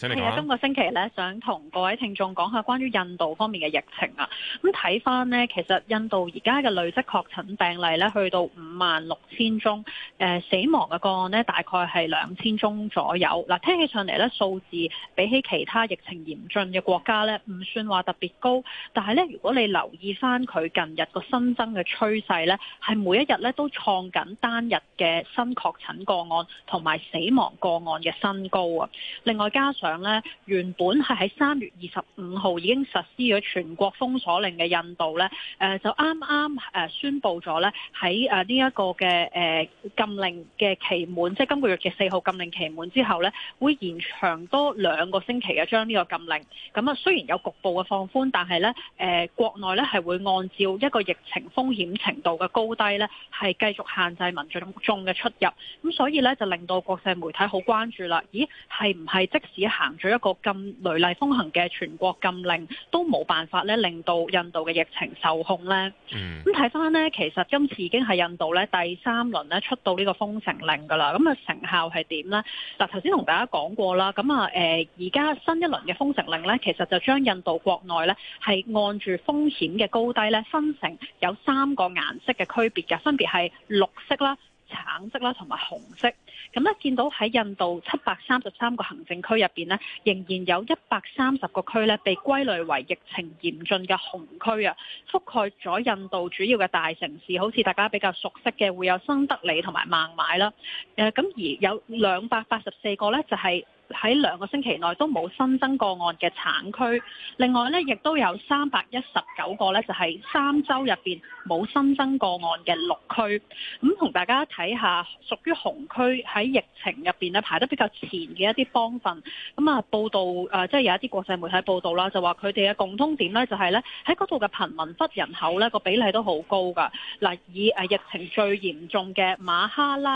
S2: 係啊，今個星期咧，想同各位聽眾講下關於印度方面嘅疫情啊。咁睇翻呢，其實印度而家嘅累積確診病例咧，去到五萬六千宗，誒、呃、死亡嘅個案咧，大概係兩千宗左右。嗱、啊，聽起上嚟咧，數字比起其他疫情嚴峻嘅國家咧，唔算話特別高。但係咧，如果你留意翻佢近日個新增嘅趨勢咧，係每一日咧都創緊單日嘅新確診個案同埋死亡個案嘅新高啊。另外加上。咧原本係喺三月二十五號已經實施咗全國封鎖令嘅印度咧，誒就啱啱誒宣布咗咧喺誒呢一個嘅誒禁令嘅期滿，即係今個月嘅四號禁令期滿之後咧，會延長多兩個星期嘅將呢個禁令。咁啊，雖然有局部嘅放寬，但係咧誒國內咧係會按照一個疫情風險程度嘅高低咧，係繼續限制民眾嘅出入。咁所以咧就令到國際媒體好關注啦。咦，係唔係即使行咗一個咁雷厲風行嘅全國禁令，都冇辦法咧，令到印度嘅疫情受控咧。咁睇翻咧，其實今次已經係印度咧第三輪咧出到呢個封城令噶啦。咁啊，佢成效係點咧？嗱，頭先同大家講過啦。咁啊，誒而家新一輪嘅封城令咧，其實就將印度國內咧係按住風險嘅高低咧，分成有三個顏色嘅區別嘅，分別係綠色啦。橙色啦，同埋紅色。咁咧，見到喺印度七百三十三個行政區入邊呢，仍然有一百三十個區呢被歸類為疫情嚴峻嘅紅區啊，覆蓋咗印度主要嘅大城市，好似大家比較熟悉嘅，會有新德里同埋孟買啦。誒，咁而有兩百八十四個咧，就係、是，喺兩個星期內都冇新增個案嘅橙區，另外呢，亦都有三百一十九個呢，就係、是、三週入邊冇新增個案嘅綠區。咁、嗯、同大家睇下屬於紅區喺疫情入邊呢，排得比較前嘅一啲邦份。咁、嗯、啊，報道誒、呃，即係有一啲國際媒體報道啦，就話佢哋嘅共通點呢，就係、是、呢喺嗰度嘅貧民窟人口呢個比例都好高㗎。嗱，以誒、呃、疫情最嚴重嘅馬哈拉。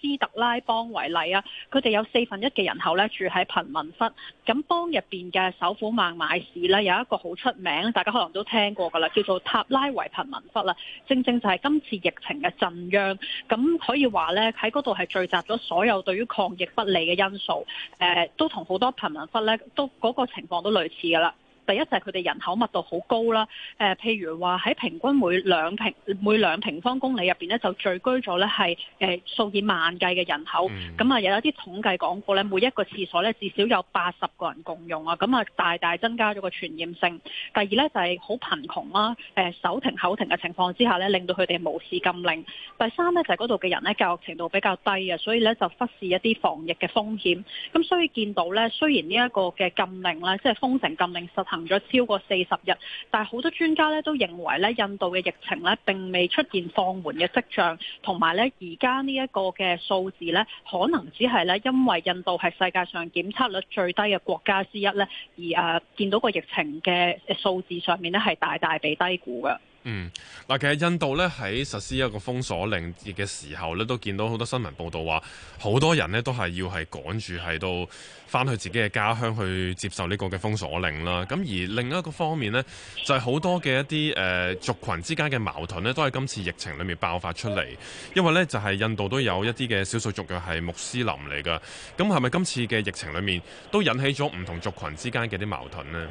S2: 斯特拉邦為例啊，佢哋有四分一嘅人口咧住喺貧民窟。咁邦入邊嘅首府孟買市咧，有一個好出名，大家可能都聽過㗎喇，叫做塔拉維貧民窟啦。正正就係今次疫情嘅震央，咁可以話咧喺嗰度係聚集咗所有對於抗疫不利嘅因素。誒、呃，都同好多貧民窟咧，都嗰、那個情況都類似㗎喇。第一就係佢哋人口密度好高啦，誒、呃，譬如話喺平均每兩平每兩平方公里入邊咧，就聚居咗咧係誒數以萬計嘅人口，咁啊、嗯、有一啲統計講過咧，每一個廁所咧至少有八十個人共用啊，咁啊大大增加咗個傳染性。第二咧就係好貧窮啦，誒、呃、手停口停嘅情況之下咧，令到佢哋無視禁令。第三咧就係嗰度嘅人咧教育程度比較低啊，所以咧就忽視一啲防疫嘅風險。咁所以見到咧，雖然呢一個嘅禁令咧，即係封城禁令實行咗超過四十日，但係好多專家咧都認為咧，印度嘅疫情咧並未出現放緩嘅跡象，同埋咧而家呢一個嘅數字咧，可能只係咧因為印度係世界上檢測率最低嘅國家之一咧，而誒見到個疫情嘅數字上面咧係大大被低估嘅。
S4: 嗯，嗱，其實印度咧喺實施一個封鎖令嘅時候咧，都見到好多新聞報道話，好多人咧都係要係趕住喺度翻去自己嘅家鄉去接受呢個嘅封鎖令啦。咁而另一個方面咧，就係、是、好多嘅一啲誒、呃、族群之間嘅矛盾咧，都係今次疫情裏面爆發出嚟。因為咧就係、是、印度都有一啲嘅少數族裔係穆斯林嚟噶，咁係咪今次嘅疫情裏面都引起咗唔同族群之間嘅啲矛盾咧？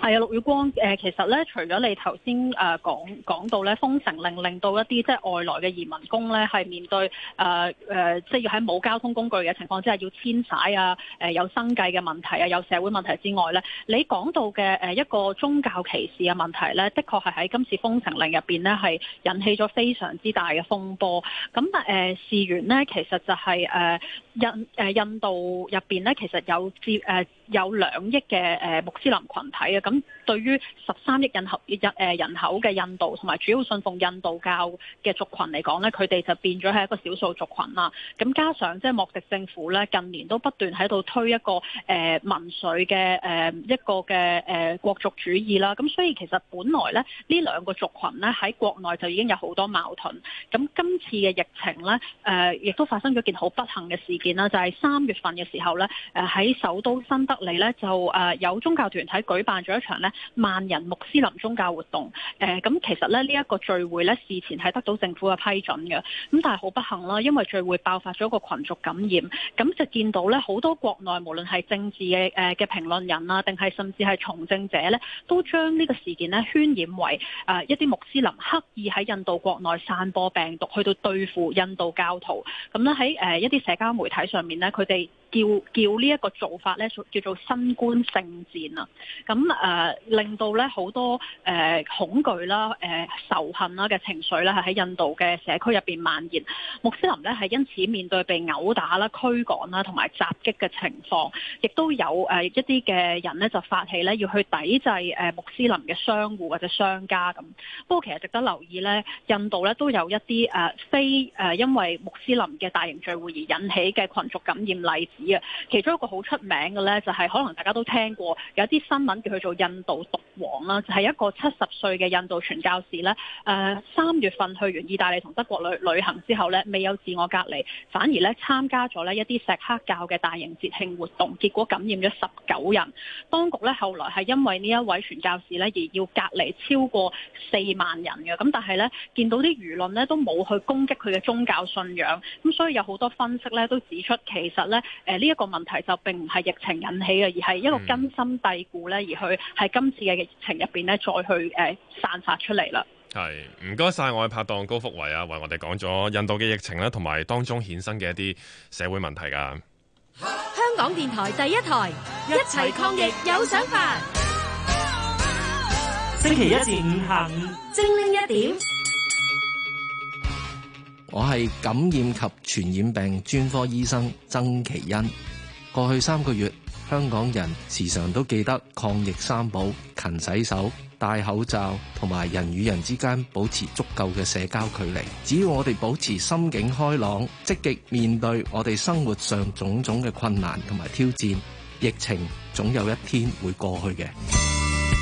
S2: 係啊，陸宇光，誒、呃，其實咧，除咗你頭先誒講講到咧封城令令到一啲即係外來嘅移民工咧係面對誒誒、呃，即係要喺冇交通工具嘅情況之下要遷徙啊，誒、呃、有生計嘅問題啊，有社會問題之外咧，你講到嘅誒一個宗教歧視嘅問題咧，的確係喺今次封城令入邊咧係引起咗非常之大嘅風波。咁誒、呃，事源咧，其實就係、是、誒。呃印誒、呃、印度入邊咧，其實有接誒、呃、有兩億嘅誒、呃、穆斯林群體啊，咁。對於十三億人口嘅印度同埋主要信奉印度教嘅族群嚟講呢，佢哋就變咗係一個少數族群啦。咁加上即係莫迪政府咧，近年都不斷喺度推一個誒民粹嘅誒一個嘅誒國族主義啦。咁所以其實本來咧呢兩個族群呢喺國內就已經有好多矛盾。咁今次嘅疫情呢，誒，亦都發生咗件好不幸嘅事件啦，就係三月份嘅時候呢，誒喺首都新德里呢，就誒有宗教團體舉辦咗一場咧。萬人穆斯林宗教活動，誒、呃，咁其實咧呢一個聚會咧事前係得到政府嘅批准嘅，咁但係好不幸啦，因為聚會爆發咗個群組感染，咁、嗯、就見到咧好多國內無論係政治嘅誒嘅評論人啊，定係甚至係從政者呢，都將呢個事件咧渲染為誒、呃、一啲穆斯林刻意喺印度國內散播病毒，去到對付印度教徒，咁咧喺誒一啲社交媒體上面呢，佢哋。叫叫呢一個做法咧，叫做新冠聖戰啊！咁誒、呃，令到咧好多誒、呃、恐懼啦、誒、呃、仇恨啦嘅情緒呢，係喺印度嘅社區入邊蔓延。穆斯林呢，係因此面對被毆打啦、驅趕啦同埋襲擊嘅情況，亦都有誒、呃、一啲嘅人呢，就發起呢要去抵制誒穆斯林嘅商戶或者商家咁。不過其實值得留意呢，印度呢，都有一啲誒、呃、非誒、呃、因為穆斯林嘅大型聚會而引起嘅群族感染例。其中一個好出名嘅呢，就係可能大家都聽過，有啲新聞叫佢做印度毒王啦，就係一個七十歲嘅印度傳教士呢，誒三月份去完意大利同德國旅旅行之後呢，未有自我隔離，反而呢參加咗呢一啲錫克教嘅大型節慶活動，結果感染咗十九人。當局呢後來係因為呢一位傳教士呢而要隔離超過四萬人嘅，咁但係呢，見到啲輿論呢都冇去攻擊佢嘅宗教信仰，咁所以有好多分析呢都指出其實呢。誒呢一個問題就並唔係疫情引起嘅，而係一個根深蒂固咧，而去喺今次嘅疫情入邊咧，再去誒、呃、散發出嚟啦。
S4: 係唔該晒，謝謝我嘅拍檔高福維啊，為我哋講咗印度嘅疫情咧、啊，同埋當中衍生嘅一啲社會問題噶、啊。
S2: 香港
S3: 電台第一台，一齊抗疫有想法。
S5: 星期一至五下午，
S3: 精靈一點。
S5: 我係感染及傳染病專科醫生曾其恩。過去三個月，香港人時常都記得抗疫三寶：勤洗手、戴口罩，同埋人與人之間保持足夠嘅社交距離。只要我哋保持心境開朗，積極面對我哋生活上種種嘅困難同埋挑戰，疫情總有一天會過去嘅。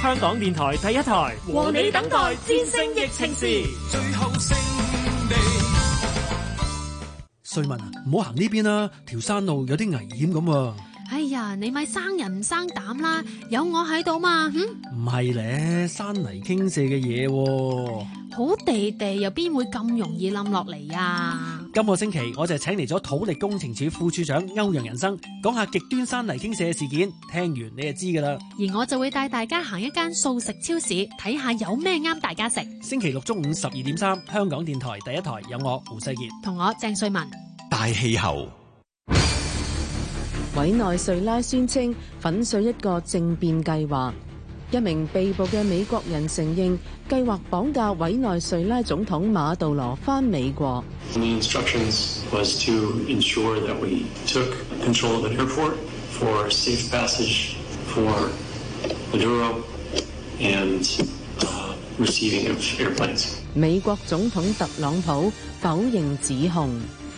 S5: 香港電台第一台，
S1: 和你等待戰勝疫情時，最後勝。
S5: 對問啊！唔好行呢邊啦，條山路有啲危險咁喎。
S2: 哎呀，你咪生人唔生膽啦，有我喺度嘛，哼！
S5: 唔係咧，山泥傾瀉嘅嘢，
S2: 好地地又邊會咁容易冧落嚟啊？
S5: 今個星期我就請嚟咗土力工程處副處長歐陽人生，講下極端山泥傾瀉嘅事件，聽完你就知噶啦。
S2: 而我就會帶大家行一間素食超市，睇下有咩啱大家食。星期六中午十二點三，香港電台第一台有我胡世杰，同我鄭瑞文，
S4: 大氣候。委
S2: 內瑞拉宣稱粉碎一個政變計劃。一名被捕嘅美國人承認計劃綁架委內瑞拉總統馬杜羅返美國。美國總統特朗普否認指控。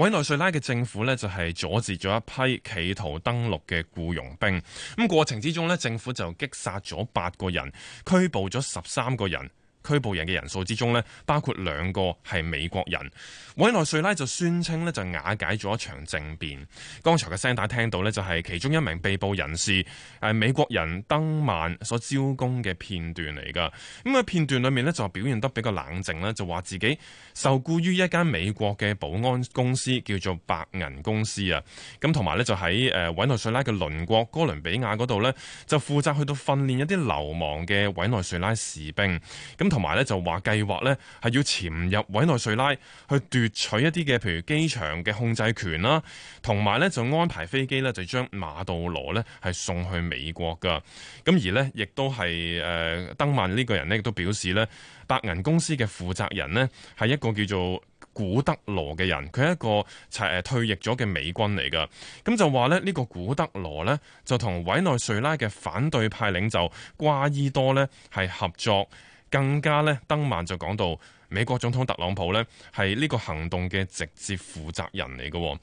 S4: 委內瑞拉嘅政府呢，就係阻截咗一批企圖登陸嘅僱傭兵，咁過程之中呢，政府就擊殺咗八個人，拘捕咗十三個人。拘捕人嘅人數之中咧，包括兩個係美國人。委內瑞拉就宣稱咧，就瓦解咗一場政變。剛才嘅聲帶聽到咧，就係、是、其中一名被捕人士，係、呃、美國人登曼所招供嘅片段嚟噶。咁、嗯、喺片段裏面咧，就表現得比較冷靜啦，就話自己受雇於一間美國嘅保安公司，叫做白銀公司啊。咁同埋咧，就喺誒、呃、委內瑞拉嘅鄰國哥倫比亞嗰度咧，就負責去到訓練一啲流亡嘅委內瑞拉士兵。咁、嗯同埋咧，就話計劃咧係要潛入委內瑞拉去奪取一啲嘅，譬如機場嘅控制權啦、啊。同埋咧，就安排飛機咧，就將馬杜羅咧係送去美國噶。咁而呢亦都係誒，登曼呢個人咧，亦都表示咧，白銀公司嘅負責人呢係一個叫做古德羅嘅人，佢係一個誒退役咗嘅美軍嚟噶。咁、嗯、就話咧，呢、這個古德羅呢就同委內瑞拉嘅反對派領袖瓜伊多呢係合作。更加咧，登曼就講到，美國總統特朗普咧，係呢個行動嘅直接負責人嚟嘅、哦，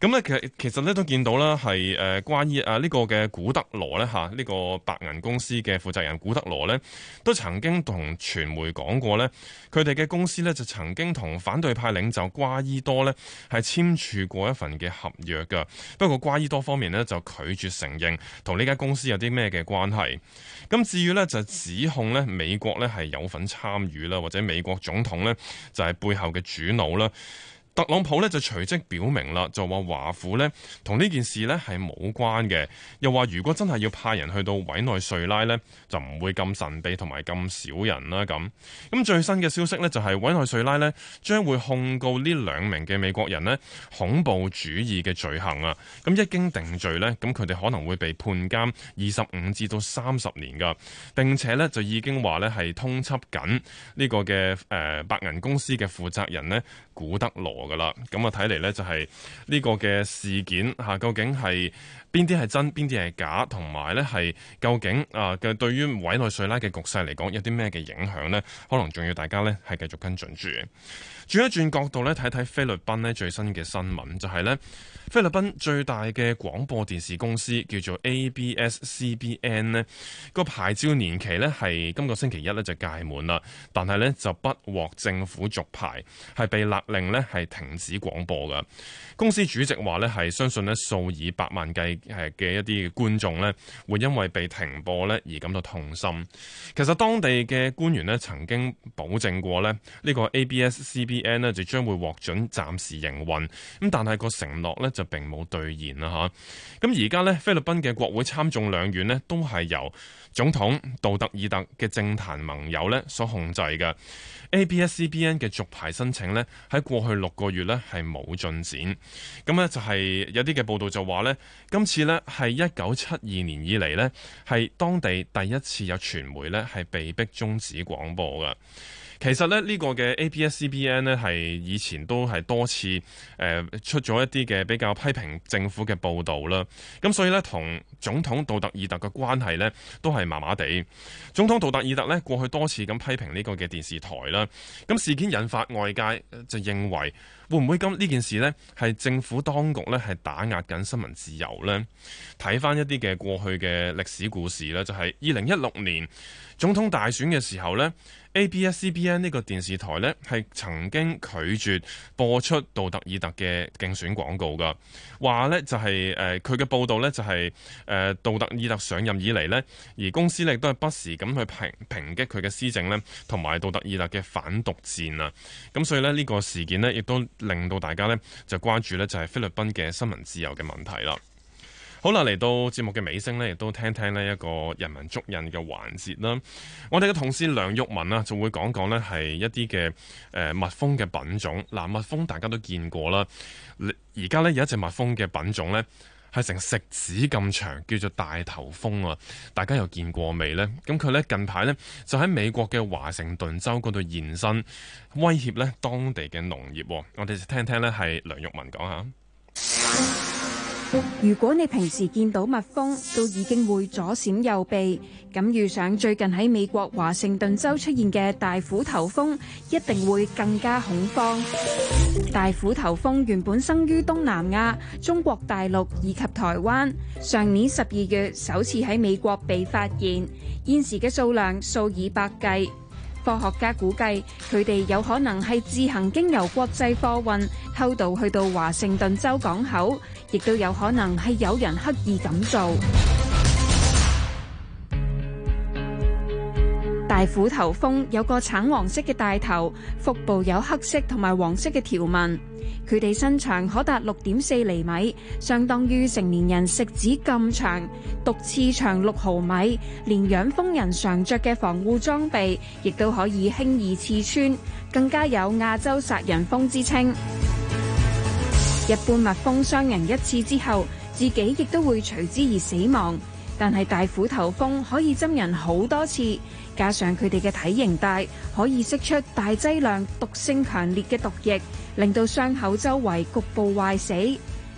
S4: 咁、嗯、咧其實其實咧都見到啦，係誒瓜伊啊呢個嘅古德羅咧吓，呢個白銀公司嘅負責人古德羅咧都曾經同傳媒講過咧，佢哋嘅公司咧就曾經同反對派領袖瓜伊多咧係簽署過一份嘅合約噶，不過瓜伊多方面咧就拒絕承認同呢間公司有啲咩嘅關係，咁至於咧就指控咧美國咧係有份參與啦，或者美國總統。同咧就係背後嘅主腦啦。特朗普呢就隨即表明啦，就話華府呢同呢件事呢係冇關嘅，又話如果真係要派人去到委內瑞拉呢，就唔會咁神秘同埋咁少人啦咁。咁最新嘅消息呢，就係委內瑞拉呢將會控告呢兩名嘅美國人呢恐怖主義嘅罪行啊！咁一經定罪呢，咁佢哋可能會被判監二十五至到三十年噶。並且呢就已經話呢係通緝緊呢個嘅誒白銀公司嘅負責人呢古德羅。嘅啦，咁啊睇嚟呢，就係呢個嘅事件吓，究竟係邊啲係真，邊啲係假，同埋呢係究竟啊嘅對於委內瑞拉嘅局勢嚟講，有啲咩嘅影響呢？可能仲要大家呢係繼續跟進住。轉一轉角度呢，睇睇菲律賓呢最新嘅新聞，就係呢菲律賓最大嘅廣播電視公司叫做 ABS-CBN 呢個牌照年期呢，係今個星期一呢就屆滿啦，但係呢就不獲政府續牌，係被勒令呢係。停止廣播嘅公司主席話咧，係相信咧數以百萬計誒嘅一啲觀眾咧，會因為被停播咧而感到痛心。其實當地嘅官員咧曾經保證過咧，呢個 ABS-CBN 咧就將會獲准暫時營運。咁但係個承諾咧就並冇兌現啦嚇。咁而家咧菲律賓嘅國會參眾兩院咧都係由總統杜特爾特嘅政壇盟友咧所控制嘅 ABS-CBN 嘅續牌申請咧喺過去六個月咧係冇進展，咁咧就係有啲嘅報道就話咧今次咧係一九七二年以嚟咧係當地第一次有傳媒咧係被逼中止廣播嘅。其實咧，呢個嘅 ABS-CBN 咧係以前都係多次誒出咗一啲嘅比較批評政府嘅報導啦。咁所以呢，同總統杜特爾特嘅關係呢都係麻麻地。總統杜特爾特呢過去多次咁批評呢個嘅電視台啦。咁事件引發外界就認為會唔會咁呢件事呢係政府當局呢係打壓緊新聞自由呢？睇返一啲嘅過去嘅歷史故事呢，就係二零一六年總統大選嘅時候呢。ABS-CBN 呢個電視台呢，係曾經拒絕播出杜特爾特嘅競選廣告㗎，話呢，就係誒佢嘅報導呢，就係、是、誒、呃、杜特爾特上任以嚟呢。而公司咧亦都係不時咁去評評擊佢嘅施政呢，同埋杜特爾特嘅反毒戰啊，咁、啊、所以呢，呢、這個事件呢，亦都令到大家呢，就關注呢，就係、是、菲律賓嘅新聞自由嘅問題啦。好啦，嚟到節目嘅尾聲呢，亦都聽一聽呢一個人民足印嘅環節啦。我哋嘅同事梁玉文啊，就會講講呢係一啲嘅誒蜜蜂嘅品種。嗱，蜜蜂大家都見過啦。而家呢有一隻蜜蜂嘅品種呢，係成食指咁長，叫做大頭蜂啊。大家又見過未呢？咁佢呢近排呢，就喺美國嘅華盛頓州嗰度現身，威脅呢當地嘅農業喎。我哋就聽聽呢係梁玉文講下。
S6: 如果你平時見到蜜蜂都已經會左閃右避，咁遇上最近喺美國華盛頓州出現嘅大虎頭蜂，一定會更加恐慌。大虎頭蜂原本生於東南亞、中國大陸以及台灣，上年十二月首次喺美國被發現，現時嘅數量數以百計。科學家估計，佢哋有可能係自行經由國際貨運，偷渡去到華盛頓州港口，亦都有可能係有人刻意咁做。大虎頭蜂有個橙黃色嘅大頭，腹部有黑色同埋黃色嘅條紋。佢哋身長可達六點四厘米，相當於成年人食指咁長。毒刺長六毫米，連養蜂人常着嘅防護裝備亦都可以輕易刺穿，更加有亞洲殺人蜂之稱。一般蜜蜂傷人一次之後，自己亦都會隨之而死亡。但係大虎頭蜂可以針人好多次，加上佢哋嘅體型大，可以釋出大劑量毒性強烈嘅毒液，令到傷口周圍局部壞死。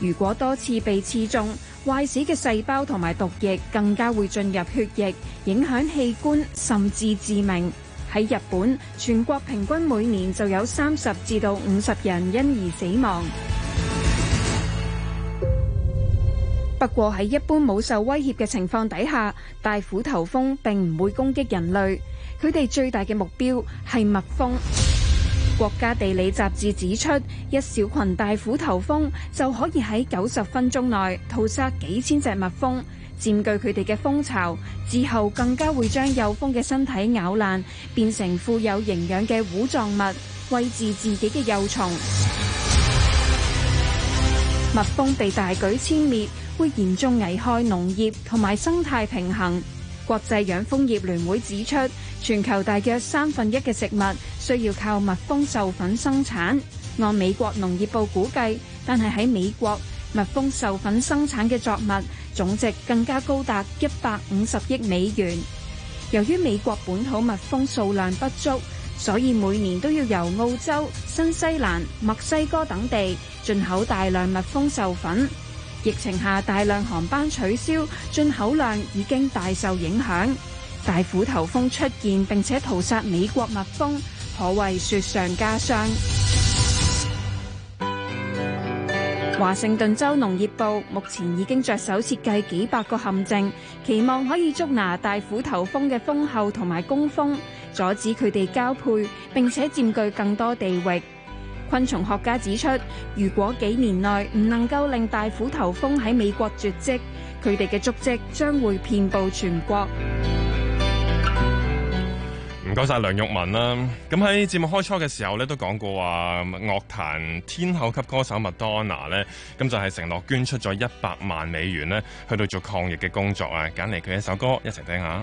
S6: 如果多次被刺中，壞死嘅細胞同埋毒液更加會進入血液，影響器官，甚至致命。喺日本，全國平均每年就有三十至到五十人因而死亡。不過喺一般冇受威脅嘅情況底下，大虎頭蜂並唔會攻擊人類。佢哋最大嘅目標係蜜蜂。國家地理雜誌指出，一小群大虎頭蜂就可以喺九十分鐘內屠殺幾千隻蜜蜂，佔據佢哋嘅蜂巢，之後更加會將幼蜂嘅身體咬爛，變成富有營養嘅糊狀物，喂飼自己嘅幼蟲。蜜蜂被大舉殲滅。會嚴重危害農業同埋生態平衡。國際養蜂業聯會指出，全球大約三分一嘅食物需要靠蜜蜂授粉生產。按美國農業部估計，但係喺美國，蜜蜂授粉生產嘅作物總值更加高達一百五十億美元。由於美國本土蜜蜂數量不足，所以每年都要由澳洲、新西蘭、墨西哥等地進口大量蜜蜂授粉。疫情下大量航班取消，進口量已經大受影響。大虎頭蜂出現並且屠殺美國蜜蜂，可謂雪上加霜。華盛頓州農業部目前已經着手設計幾百個陷阱，期望可以捉拿大虎頭蜂嘅蜂后同埋工蜂，阻止佢哋交配，並且佔據更多地域。昆蟲學家指出，如果幾年內唔能夠令大虎頭蜂喺美國絕跡，佢哋嘅足跡將會遍佈全國。
S4: 唔該晒梁玉文啦、啊。咁喺節目開初嘅時候咧，都講過話、啊、樂壇天后級歌手麥當娜呢，咁就係、是、承諾捐出咗一百萬美元呢，去到做抗疫嘅工作啊。揀嚟佢一首歌一
S1: 齊聽下。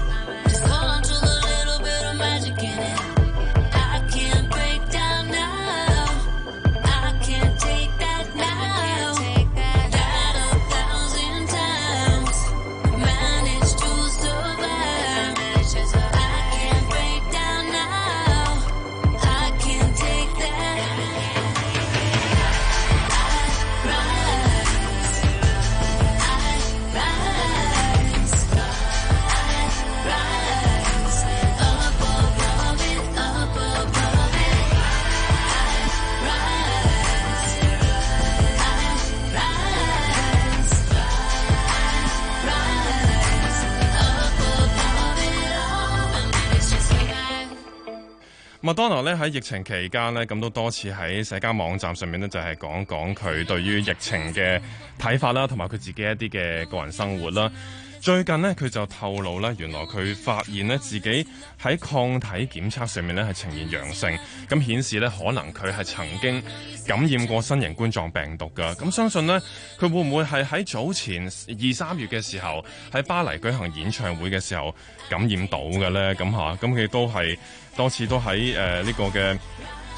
S4: 多諾咧喺疫情期間咧咁都多次喺社交網站上面咧就係講講佢對於疫情嘅睇法啦，同埋佢自己一啲嘅個人生活啦。最近呢，佢就透露呢，原來佢發現呢，自己喺抗體檢測上面呢係呈現陽性，咁顯示呢，可能佢係曾經感染過新型冠狀病毒噶。咁相信呢，佢會唔會係喺早前二三月嘅時候喺巴黎舉行演唱會嘅時候感染到嘅呢？咁吓，咁佢都係多次都喺誒呢個嘅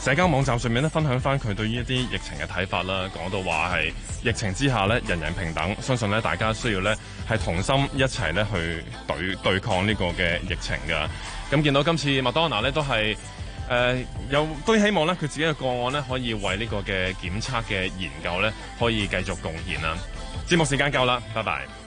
S4: 社交網站上面咧分享返佢對於一啲疫情嘅睇法啦，講到話係疫情之下咧人人平等，相信咧大家需要咧係同心一齊咧去對對抗呢個嘅疫情㗎。咁見到今次麥當娜咧都係誒、呃、有都希望咧佢自己嘅個案咧可以為呢個嘅檢測嘅研究咧可以繼續貢獻啦。節目時間夠啦，拜拜。